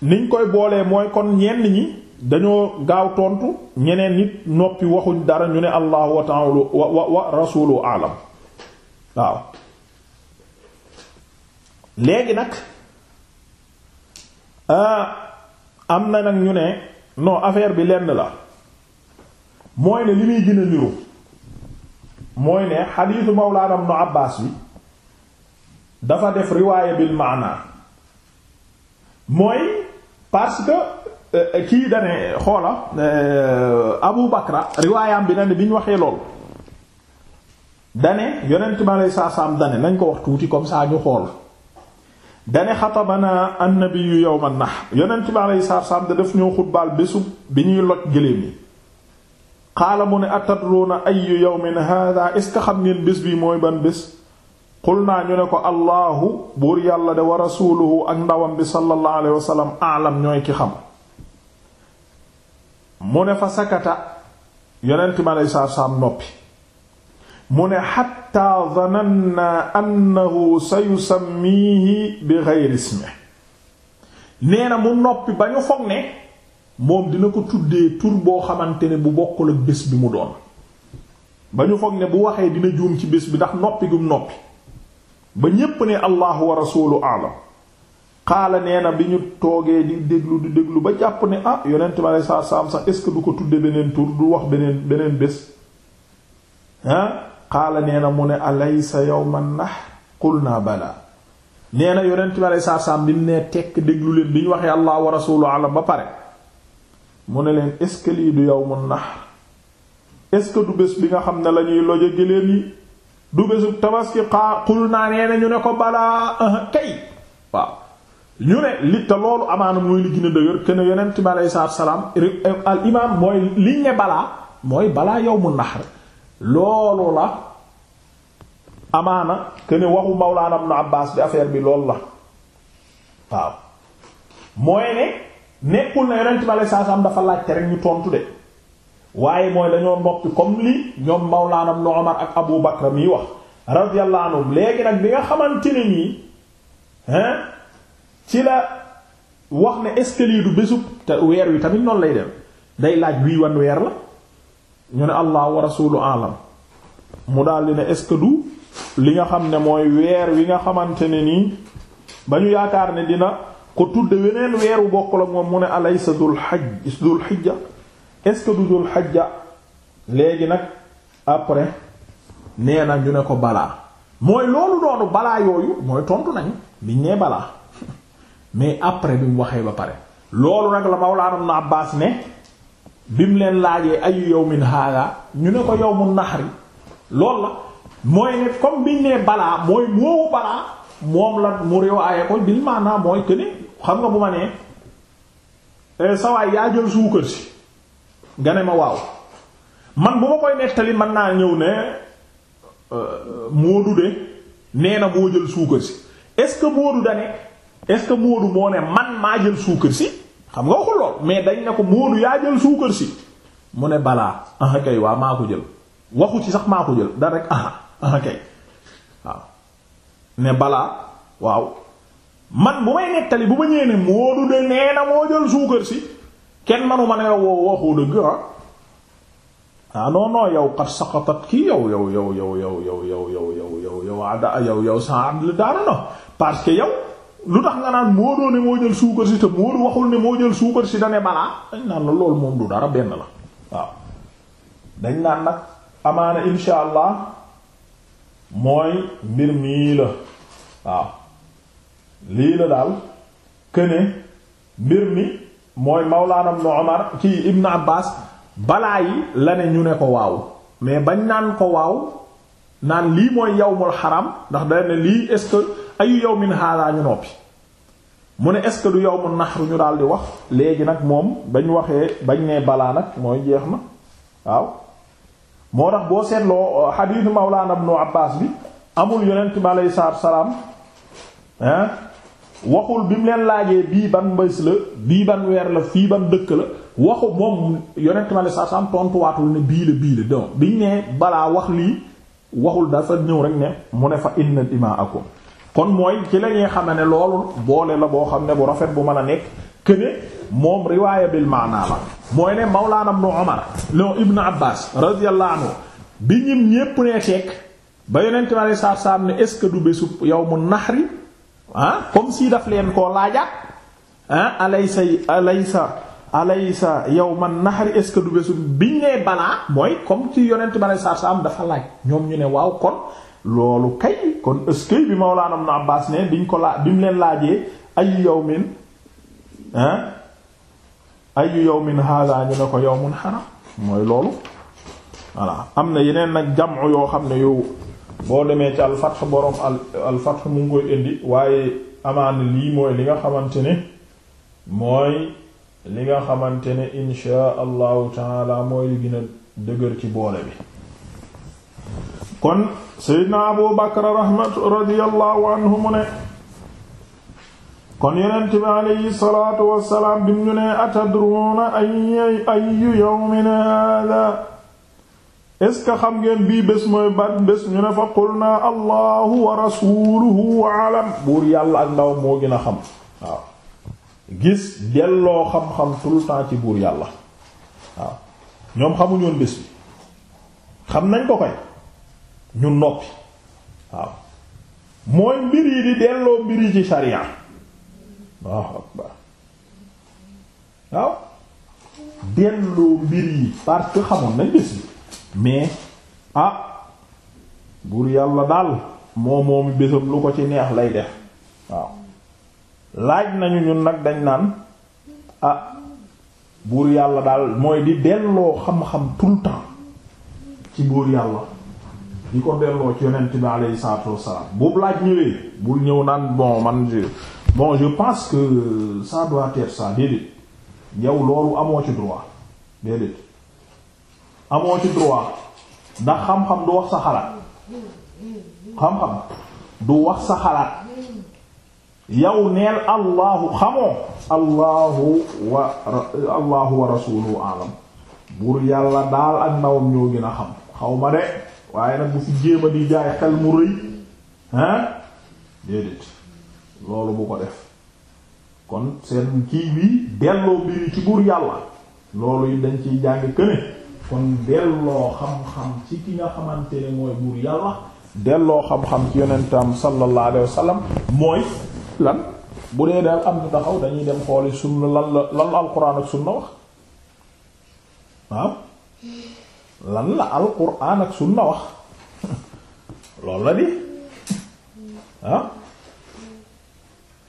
niñ koy boolee mooy kon ñenn ñi dañoo gaaw tontu ñeneen noppi waxuñ dara ñu ne allahu wa ta'ala wa a'lam waaw léegi nag Ah, am na nag ñu ne no affaire bi lenn la mooy ne li muy gën niru mooy ne xadiisu mawlaana ibnu Abbaas bi dafa def riwaaya bil maana mooy parce que eh, eh, kii dane xoola eh, Abu Bakra riwaayam bi na ne bi ñu waxee lool dane yonent bi aleyhi salaam dane nañ ko wax tuuti comme saa ñu xool dane xatabana annabiyu yawma nahr yonent bi alayhi salaatu salaam da def ñoo xutbaal bésu bi ñuy loj gëléem yi xaala ne atadruuna ayyu yawmin haadaa est-ce xam ngeen bés bi mooy ban bés xul naa ñu ne ko allahu buur yàlla de wa rasuuluhu ak ndawam bi sallallahu alayhi wa sallam ñooy ki xam mu ne fa sakata yonent bi alayhi salaatu salaam noppi mu ne xatta zananna annahu sa yusammiihi bi xeyri ismi nee na mu noppi ba ñu foog ne moom dina ko tuddee tur boo xamante ne bu bokkul ak bés bi mu doon ba ñu foog ne bu waxee dina juum ci bés bi ndax noppi gum noppi ba ñépp ne allahu wa rasuulu aalam xaala nee na bi ñu toogee di déglu di déglu ba jàpp ne ah yonent bi alei saatu salaam sax est du ko tuddee beneen tur du wax beneen beneen bés qaala nee na mu ne alaysa yawma nahr qulna bala nee na yonent bi alei saatu salaam bi mu nee tekk déglu leen bi ñu waxee allah wa rasulu alam ba pare mu ne leen est-ce que lii du yawmu nahr est-ce que du bés bi nga xam ne la ñuy loje yi du bésub tabaski xaa xul naa nee na ñu ne ko balaa kay waaw ñu ne li loolu amaana mooy li gën a dëgër kenn yonent bi alei salaatu al imam mooy liñ ne balaa mooy balaa yawmu nahr loolu la amaana que ne waxu Mawlaana Ibn Abbaas bi affaire bi loolu la waaw mooy ne nekkul na yonent bi alayhi salaam dafa laajte rek ñu tontu de waaye mooy dañoo noppi comme lii ñoom Mawlaana Ibn Umar ak Abu Bakr mi wax radiyallahu anhum léegi nag bi nga xamante nii hein ci la wax ne est-ce te weer wi tamit noonu lay dem day laaj wii wan weer la ñu ne Allah wa rasulu alam mu daal di ne est li nga xam ne mooy weer wi nga xamante ne nii ba ñu yaakaar ne dina ko tudde weneen weeru bokk la moom mu ne alaysa dul hajj dul hijja est-ce que du dul hajja léegi nag après nee na ñu ne ko balaa mooy loolu doonu balaa yooyu mooy tontu nañ biñ nee balaa mais après bi mu waxee ba pare loolu nag la Mawlaana Ibn Abbaas ne bi mu leen laajee ayu yawmin haadaa ñu ne ko yawmun nahri loolu la mooy ne comme biñ nee balaa mooy moowu balaa moom la mu riwaaye ko bil maanaam mooy que xam nga bu ma nee eh, sawaay yaa jël suukar si nga ne ma waaw man bu ma koy nettali mën naa ñëw ne eh, Moodu de nee na moo jël suukar si est-ce que Moodu da ne est-ce que Moodu moo ne man maa jël suukar si xam nga waxul lool mais dañ ne ko Moodu yaa jël suukar si mu ne balaa ah kay waa maa ko jël waxu ci sax maa ko jël da rek akay waaw ne balaa waaw man bu may nettali bu ma ñëwee ne Moodu de nee na moo jël suukar si kenn manu ma ne woo waxoo dëgg ah ah non non yow xat saqatat kii yow yow yow yow yow yow yow yow yow yow yow yow sa am daanu parce que yow lu tax nga naan Moodu ne moo jël suukar si te Moodu waxul ne moo jël suukar si dane balaa dañ naan la loolu moom du dara benn la waaw dañ naan nag amaana insha mooy mbir mii la waaw lii la daal këne mbir mi mooy mawlaana ibn Umar ci ibn Abbas balaa yi la ne ñu ne ko waaw mais bañ naan ko waaw naan lii mooy yawmul xaram ndax day ne lii est-ce que ayu yawmin haadaa ñu noppi mu ne est-ce que du yawmun ñu daal di wax léegi nag moom bañ waxee bañ nee balaa nag mooy jeex na waaw moo tax boo seetloo euh, xadiisu Mawlaana Ibnu Abbaas bi amul yonent bi aleyhi salaatu salaam ah waxul bi mu leen laajee bii ban mbés la bii ban weer la fii ban dëkk la waxu moom yonent bi salaam tontuwaatul ne bii la bii la donc biñ ne balaa wax lii waxul dafa ñëw rek ne mu ne fa inna dimaa'akum kon mooy ci la ñuy xam ne loolu boole la boo xam ne bu rafet bu mën a nekk. këne moom riwaaya bil maanaa la mooy ne mawlaana ibnu Umar lon ibnu Abbaas radiyallahu bi ñim ñépp ne teeg ba yonent bi ne est-ce que du bésu yawmu nahri ah comme si daf leen koo laajaat ah alaysa alaysa alaysa yawma nahri est-ce que du bésu biñ balaa mooy comme ci yonent bi alei saatu salaam dafa laaj ñoom ñu ne waaw kon loolu kay kon est-ce que bi mawlaana ibnu Abbaas ne biñ ko laa bi mu leen laajee ay yawmin ayu yawmin hada ñu ne ko yawmun haram mooy loolu voilà am na yeneen nag jamu yoo xam ne yow boo demee ci alfath borom alfath mu ngi indi waaye amaana lii mooy li nga xamante ne mooy li nga xamante ne insha allahu taala mooy li gën dëgër ci boole bi kon seydna abu bakar rahmat radiyallahu anhu mu ne kon yonent bi alayhi salaatu wassalaam bi mu ne atadruuna ay ayyu yawmin haada xam ngeen bii bés mooy ban bés ñu ne fa qul naa allahu wa rasuluhu alam buur yàlla ak ndaw moo gën a xam waaw gis delloo xam-xam tout temps ci buur yàlla waaw ñoom xamuñoon bés bi xam nañ ko koy ñu noppi waaw mooy mbir yi di delloo mbir yi ci sharia waaw waaw delloo mbir yi parce xamoon nañ bés bi mais ah buur yàlla daal moo moomi bésam lu ko ci neex lay def waaw laaj nañu ñun nag dañ naan a ah, buur yàlla daal mooy di delloo xam-xam tout le temps ci buur yàlla di ko delloo ci yonent bi alayhi salaatu wassalaam boobu laaj ñëwee bul ñëw naan bon man bon je pense que ça doit être ça déedéet loolu amoo ci droit déedéet amoo ci droit ndax xam-xam du wax sa xalaat xam-xam du wax sa xalaat yow neel allahu xamoo allahu wa allahu wa rasuluhu alam buur yàlla daal ak ndawam ñoo gën a xam xaw ma de waaye nag bu fi jéem di jaay xel mu rëy hein déedéet loolu bu ko def kon seen kii bi delloo mbiri ci buur yàlla loolu yi dañ ciy jàng këne kon delloo xam-xam ci ki nga xamante ne mooy buur yàlla delloo xam-xam ci yonentam sallallahu alayhi wa sallam mooy lan bu dee daal am na taxaw dañuy dem xooli sunna lan la lan la alquran ak sunna wax waaw lan la alquran ak sunna wax loolu la di ah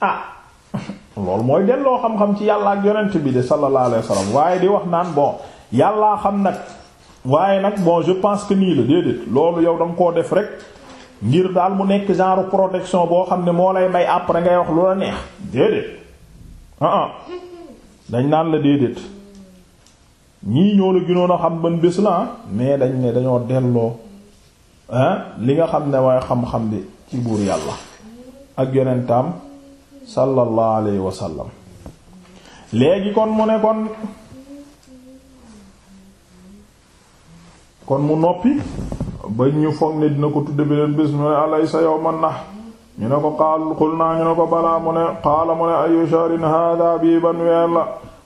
ah loolu mooy delloo xam-xam ci yàlla ak yonent bi de sallallahu alayhi wa waaye di wax naan bon yàllaa xam nag waaye nag bon je pense que nii la déedéet loolu yow da koo def rek ngir daal mu nekk genre protection boo xam ne moo lay may après ngay wax lu la neex déedéet ah, ah. dañ naan la déedéet ñii ñoo la gënoon a xam ban bés ah. mais dañ ne dañoo delloo ah li nga xam ne waaye xam-xam bi ci buur yàlla ak yonentam sallallahu wa sallam léegi kon mu ne kon kon mu noppi ba ñu foog ne dina ko tudd beneen bés mu alaysa yawman nah ñu ne ko qaal qul naa ñu ne ko balaa mu ne qaala mu ne ayu shahrin hada bii weer la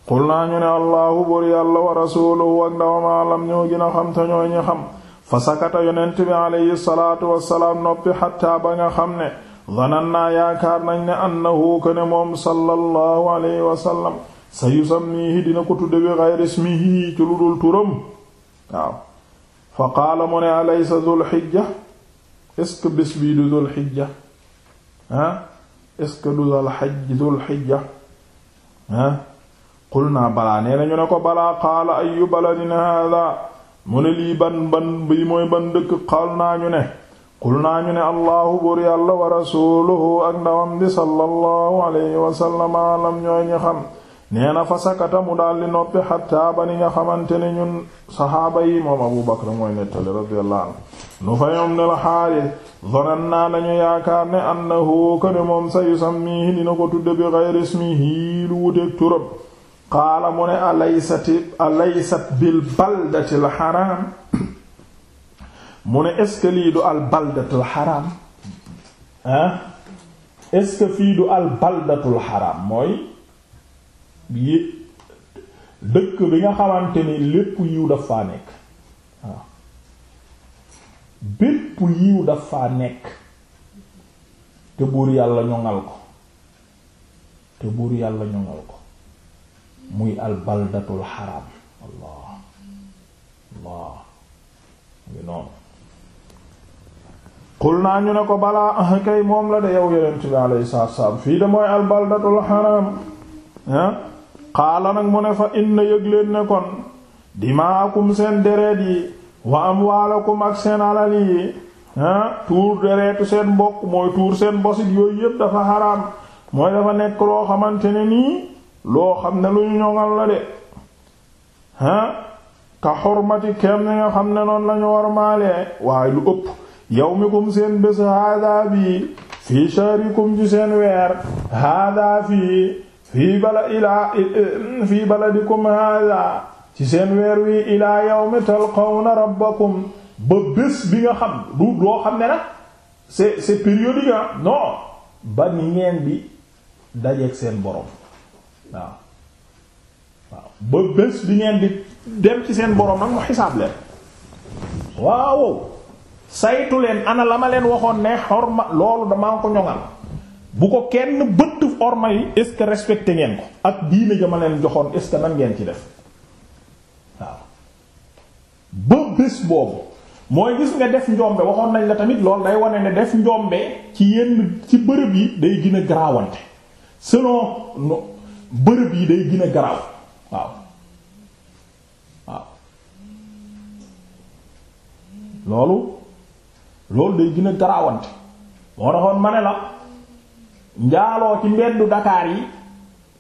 qul naa ñu ne allahu bur yàlla wa rasuluhu ak ndawam alam ñoo gën a xam te ñoo ñi xam fa sakata yonent bi alayhi salaatu wassalaam noppi xatta ba nga xam ne zanannaa yaakaar nañ ne annahu kana moom sallallahu alayhi wa sallam sa yusammihi dina ko tudde bi ghayri ismihi ci lu dul turam alaysa ce que bés bii du dhul hijja ah est du dhul hajj dhul balaa nee na ñu ne ko balaa qaala ayu baladin hada mu ne lii ban ban bi mooy ban dëkk qaal naa ñu ne qul naa ñu ne allahu buur yàlla wa rasuluhu ak ndawam bi sallallahu alayhi wasallam alam ñooy ñi xam nee fa sakata mu daldi noppi xatta ba ni nga xamante ne ñun saxaaba yi moom abu bakr mooy nettali radiyallahu anhu nu fa yom la xaaris zonan naa yaakaar ne annahu kone moom sa yusammihi dina ko tudde bi ghayri ismihi lu wuteek turam qaala mu ne alaysati bil baldati al haram mu ne est-ce que lii du al baldatul xaram du al baldatul mooy yi dëkk bi nga xamante ni lépp yiw dafa nekk waaw bépp yiw daf nekk te buur yàlla ñoŋal ko te buur yàlla ñoŋal ko muy al baldatul allah allah ngi noonu xul naa ñu ne ko balaa ah moom la de yow yonent bi alayhi salaatu salaam fii de mooy albaldatul haram ah xaala nag mu ne fa inna yëg leen ne kon dimaakum seen deret yi wa amwaalakum ak seen alal yi ah, tuur deretu seen mbokk mooy tuur seen bosit yooyu yépp dafa xaraam mooy dafa nekk loo xamante ne nii loo xam ne lu ñu ñoŋal la de ah. ka xormati kem ni nga xam ne noon lañu war maalee waaye lu ëpp yawmikum seen bés haadaa bi fii shahrikum ci seen weer haadaa fii fii bala ilaa fii baladikum haadaa ci seen weer wi ilaa yawmi talqawna rabbakum ba bés bi nga xam du xam ne nag c'est c'est périodique non ba ni ngeen bi dajeeg seen borom waaw waaw ba bés bi ngeen di dem ci seen borom nag mu xisaab leen waaw saytu leen ana la ma leen waxoon ne xorma loolu damaa ko ñoŋal bu ko kenn bëtt orma yi est ce respecté ngeen ko ak diine ja ma leen joxoon est ce que nan ngeen ci def waaw ba bés boobu mooy gis nga def njombe waxoon nañ la tamit loolu day wane ne def njombe ci yenn ci bërëb yi day gina a garawante selon no bërëb yi day gën a waaw waaw loolu loolu day gën a garaawante moo taxoon ma ne la njaaloo ci mbeddu Dakar yi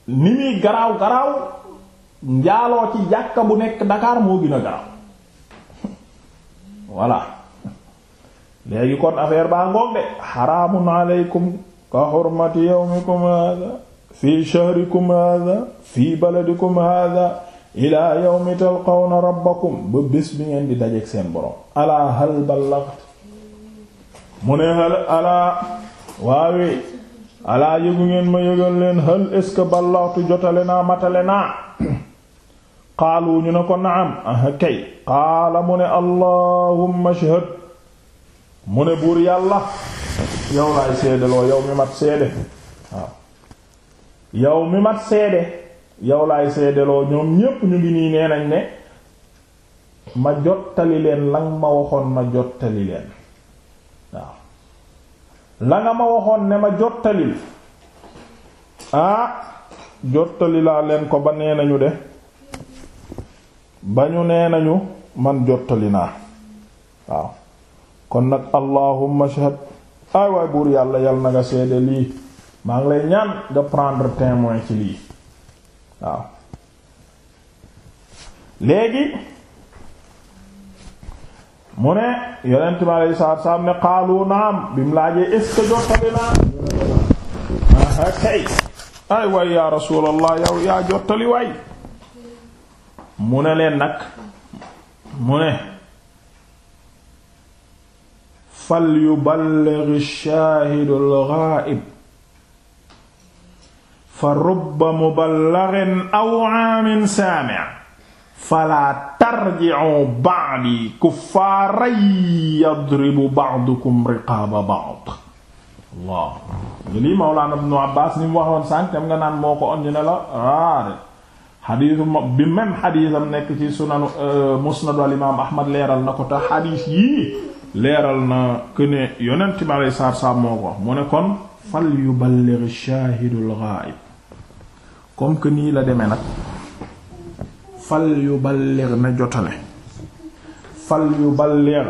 ni muy garaaw garaaw njaaloo ci jàkka bu nekk Dakar moo gën garaaw voilà léegi kon affaire baa ngoog de aleykum ka xurmati yawmikum hada fi shahrikum hada fi baladikum hada ila yawmi talqawna rabbakum ba bés bi ngeen di dajeek seen borom ala hal ballaght mu ne hal alaa waawe alaa yëgu ngeen ma yëgal leen hal est-ce jotale naa matale naa xaalu ñu ne ko naam aha kay xaala mu ne allahumma ashhad mu ne buur yàlla yow laay seedeloo yow mi mat seede waaw yow mi mat seede yow laay seedeloo ñoom ñépp ñu ngi nii nee nañ ne ma jottali leen lan ma waxoon ma jottali leen la nga ma waxoon ne ma jottalil ah jottali leen ko ba nee nañu de ba ñu nee nañu man jottali waaw kon nag allahumma shahad ay waay buur yàlla yàlla na nga seede lii maa ngi lay ñaan nga prendre témoin ci lii waaw léegi mu ne yonent bi alayhi salaatu salaam ne qaalu naam bi mu laajee est ce que jottali naa ah kay ay waay yaa rasuulallah yow yaa jottali waay mu ne leen nag mu ne fal yuballigh ash-shaahidu al-ghaa'ib fa rubba muballighin aw aamin saami' falaa tarji'u ba'di kuffaaran yadribu ba'dukum riqaaba ba'd waaw lii Mawlana Ibn Abbaas ni mu waxoon sànq tam nga naan moo ko on ñu ne la aare ah, xadiisu bi même xadiisam nekk ci sunanu euh, musnadu al imaam Ahmad leeral na ko te xadiis yii leeral na que ne yonent bi alayhi salaatu salaam moo ko mu ne kon fal yuballigh ash-shaahidu al-ghaa'ib comme que nii la demee nag. fal yu ballir na jotale fal yu ballir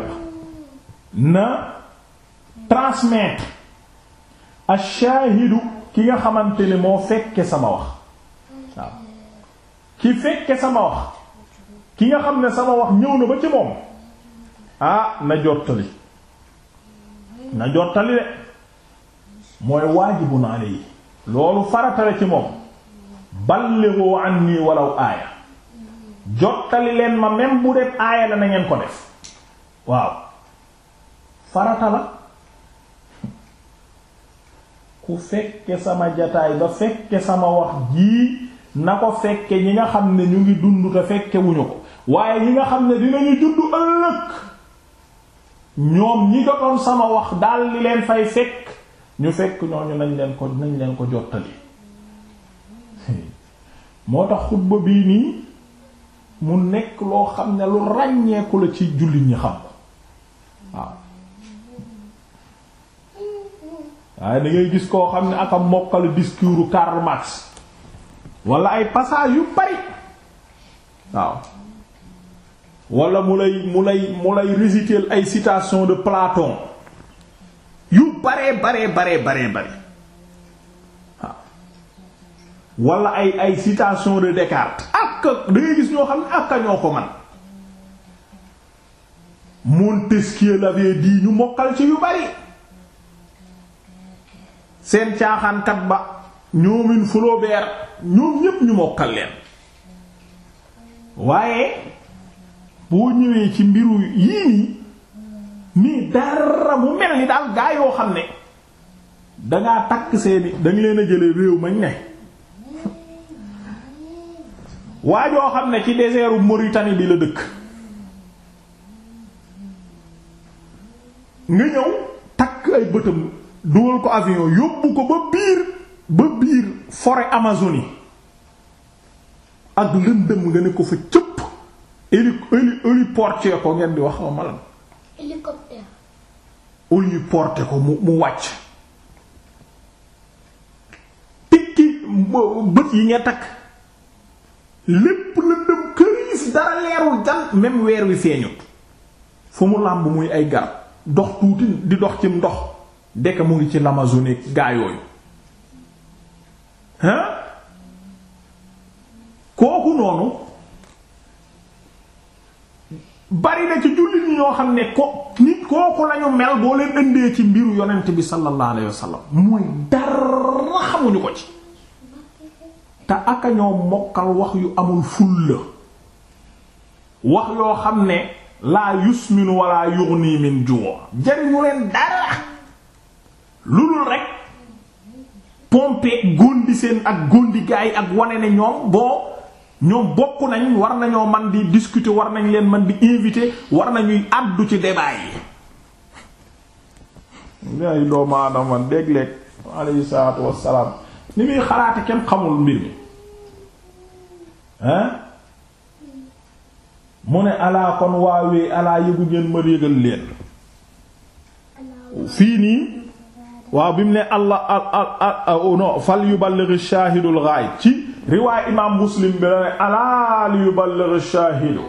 na transmettre a shaahidu ki nga xamante ne moo fekke sama wax ki fekke sama wax ki nga xam ne sama wax ñëw na ba ci moom ah na jottali na jottali de mooy waajibun alayhi loolu faratale ci moom ballighu anni walaw aaya jottali leen ma même bu def aaya na ngeen ko def waaw farata la ku fekke sama jataay ba fekke sama wax jii na ko fekke ñi nga xam ne ñu ngi dund te fekke wuñu ko waaye ñi nga xam ne dinañu judd ëllëg ñoom ñi jotoon sama wax daal li leen fay fekk ñu fekk ñooñu nañ leen ko nañ leen ko jottali moo tax xutba bii nii mu nekk loo xam ne lu ràññeeku la ci jullit ñi xam ko waaw waaye da ngay gis koo xam ne aka mokkal discours Karl Marx wala ay passage yu bari waaw wala mu lay mu lay mu lay réciter ay citation de Platon yu baree baree baree baree bari wala ay ay citation de Descartes ak da gis ñoo xam ne ak ñoo ko man Montesquieu l'avait dit ñu mokkal ci yu bari seen caaxaankat ba ñoomin Flaubert ñoom ñépp ñu mokkal leen waaye boo ñëwee ci mbiru yii nii nii dara mu mel ni daal gaa yoo xam ne dangaa takk seeni danga leen a jële réew mañ ne waa joo xam ne ci désertu Mauritanie bi la dëkk nga ñëw takk ay bëtam dugal ko avion yóbbu ko ba biir ba biir forêt Amazonie ak lëndëm nga ne ko fa cëpp héli héli héliporté ko ngeen di wax ma lan hélicoptère héliporté ko mu mu wàcc tikki bët yi nga takk lépp lëndëm këriis dara leerul jan même weer wi feeñut fu mu làmb muy ay garab dox tuuti di dox cim ndox dekk mu ngi ci l'Amazonie gaa yooyu hein kooku noonu bari na ci jullit ñi ñoo xam ne ko nit kooku lañu mel boo leen ëndee ci mbiru yonent bi sallallahu alayhi wasallam mooy dara xamuñu ko ci te aka ñoo mokkal wax yu amul fulla wax yoo xam ne laa yusminu wala yughni min juu' jariñu leen dara lu dul rek pompe góndi seen ak góndi gaay ak wane ne ñoom boo ñoom bokk nañ war nañoo man di discuter war nañ leen man di inviter war nañuy àddu ci débat yi. ngay doomu aadama dégleeg alayhi salaatu wassalaam ni muy xalaate kenn xamul mbir mi hein mu ne alaa kon waawee alaa yëgu ngeen ma leen fii nii waaw bi mu ne allah oh, no fal yuballigh ash-shahidul ghaib ci riwaay imaam muslim bi la ne alaa li yuballigh ash-shahidu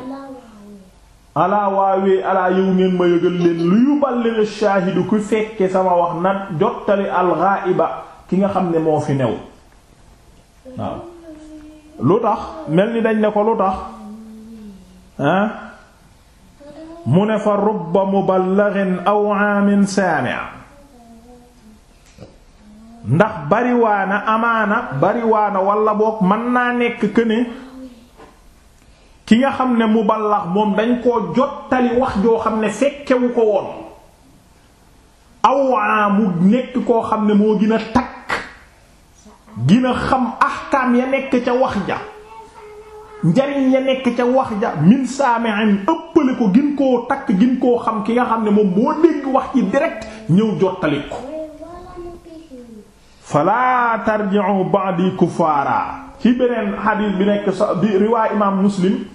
alaa waawee alaa yëgu ma yëgal leen lu yuballigh ash-shahidu ku fekke sama wax na jottali al-ghaiba ki nga xam ne moo fi new waaw lu tax mel ni dañ ne ko lu tax ah mu ne fa rubba muballighin aw aamin saami' ndax bariwaana amaana bariwaana walla boog mën naa nekk que ki nga xam ne muballax moom dañ koo jottali wax joo xam ne fekkewu ko woon awaa mu nekk koo xam ne moo gën a takk gina xam ahkaam ya nekk ca wax ja njariñ ya nekk ca wax ja min saami'in ëppale ko gin koo takk gin koo xam ki nga xam ne moom moo dégg wax ci direct ñëw jottali ko fala tarji'u ba'di kufaara ci beneen xadiis bi nekk sa bi riwaay imaam muslim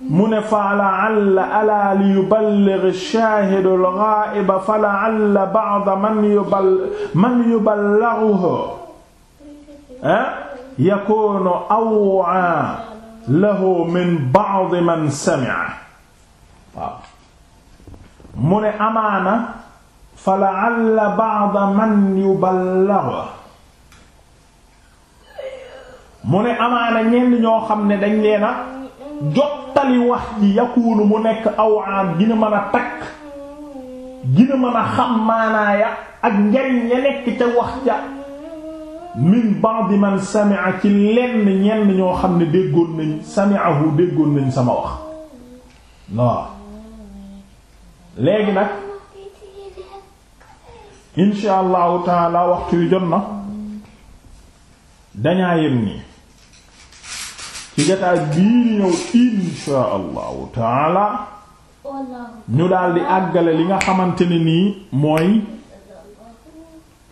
mu ne fa la'alla ala yu yuballigh ash-shahid al-ghaib fa la'alla ba'd man yubal man Eh? yakunu aw'a lahu min ba'd man sami'a waaw mu ne amaana fa la'alla ba'd man yuballighu mu ne amaana ñenn ñoo xam ne dañ leena jottali wax ji yakuunu mu nekk awaan gina ma a takk gina mën na xam maanaaya ak njariñ ya nekk ca wax ja min ba'di man sami'a ci lenn ñenn ñoo xam ne déggoon nañ sami'ahu déggoon nañ sama wax waaw léegi nag insha allahu taala waxtu yu jot na dañaa yem nii ci jotaay bii di insha allahu taala ñu daal di àggale li nga xamante ne nii mooy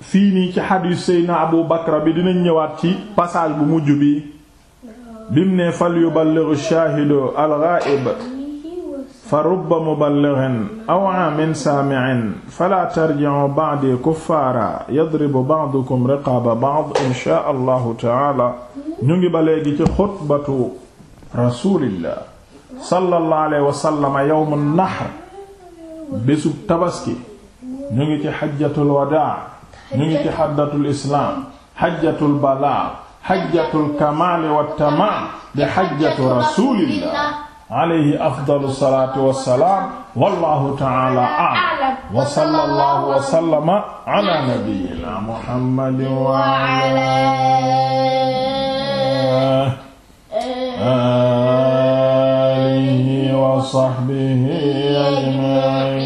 fii nii ci xadiis Seydina Abu Bakra bi dinañ ñëwaat ci pasal bu mujj bi bim ne fal yuballighu shaahidu al-ghaa'ib fa rubba muballighin aw aamin saami'in falaa tarji'u ba'dii kuffaaran yadribu ba'dukum riqaaba ba'd inshaa Allahu ta'aala ñu ngi ba léegi ci xutbatu rasuulillah sallallahu alayhi wa nahr bésub tabaski ñu ngi ci hajjatul wadaa ñu ngi ci xaddatul islaam xajjatul balaa xajjatul kamaali wa tamaam di xajjatu rasuulillah alayhi afdalu salaatu wa salaam wallaahu ta'aala a'lam wa sallallaahu wa sallama ala nabiyyina muhammadin wa ala aalihi wa sahbihi ajma'iin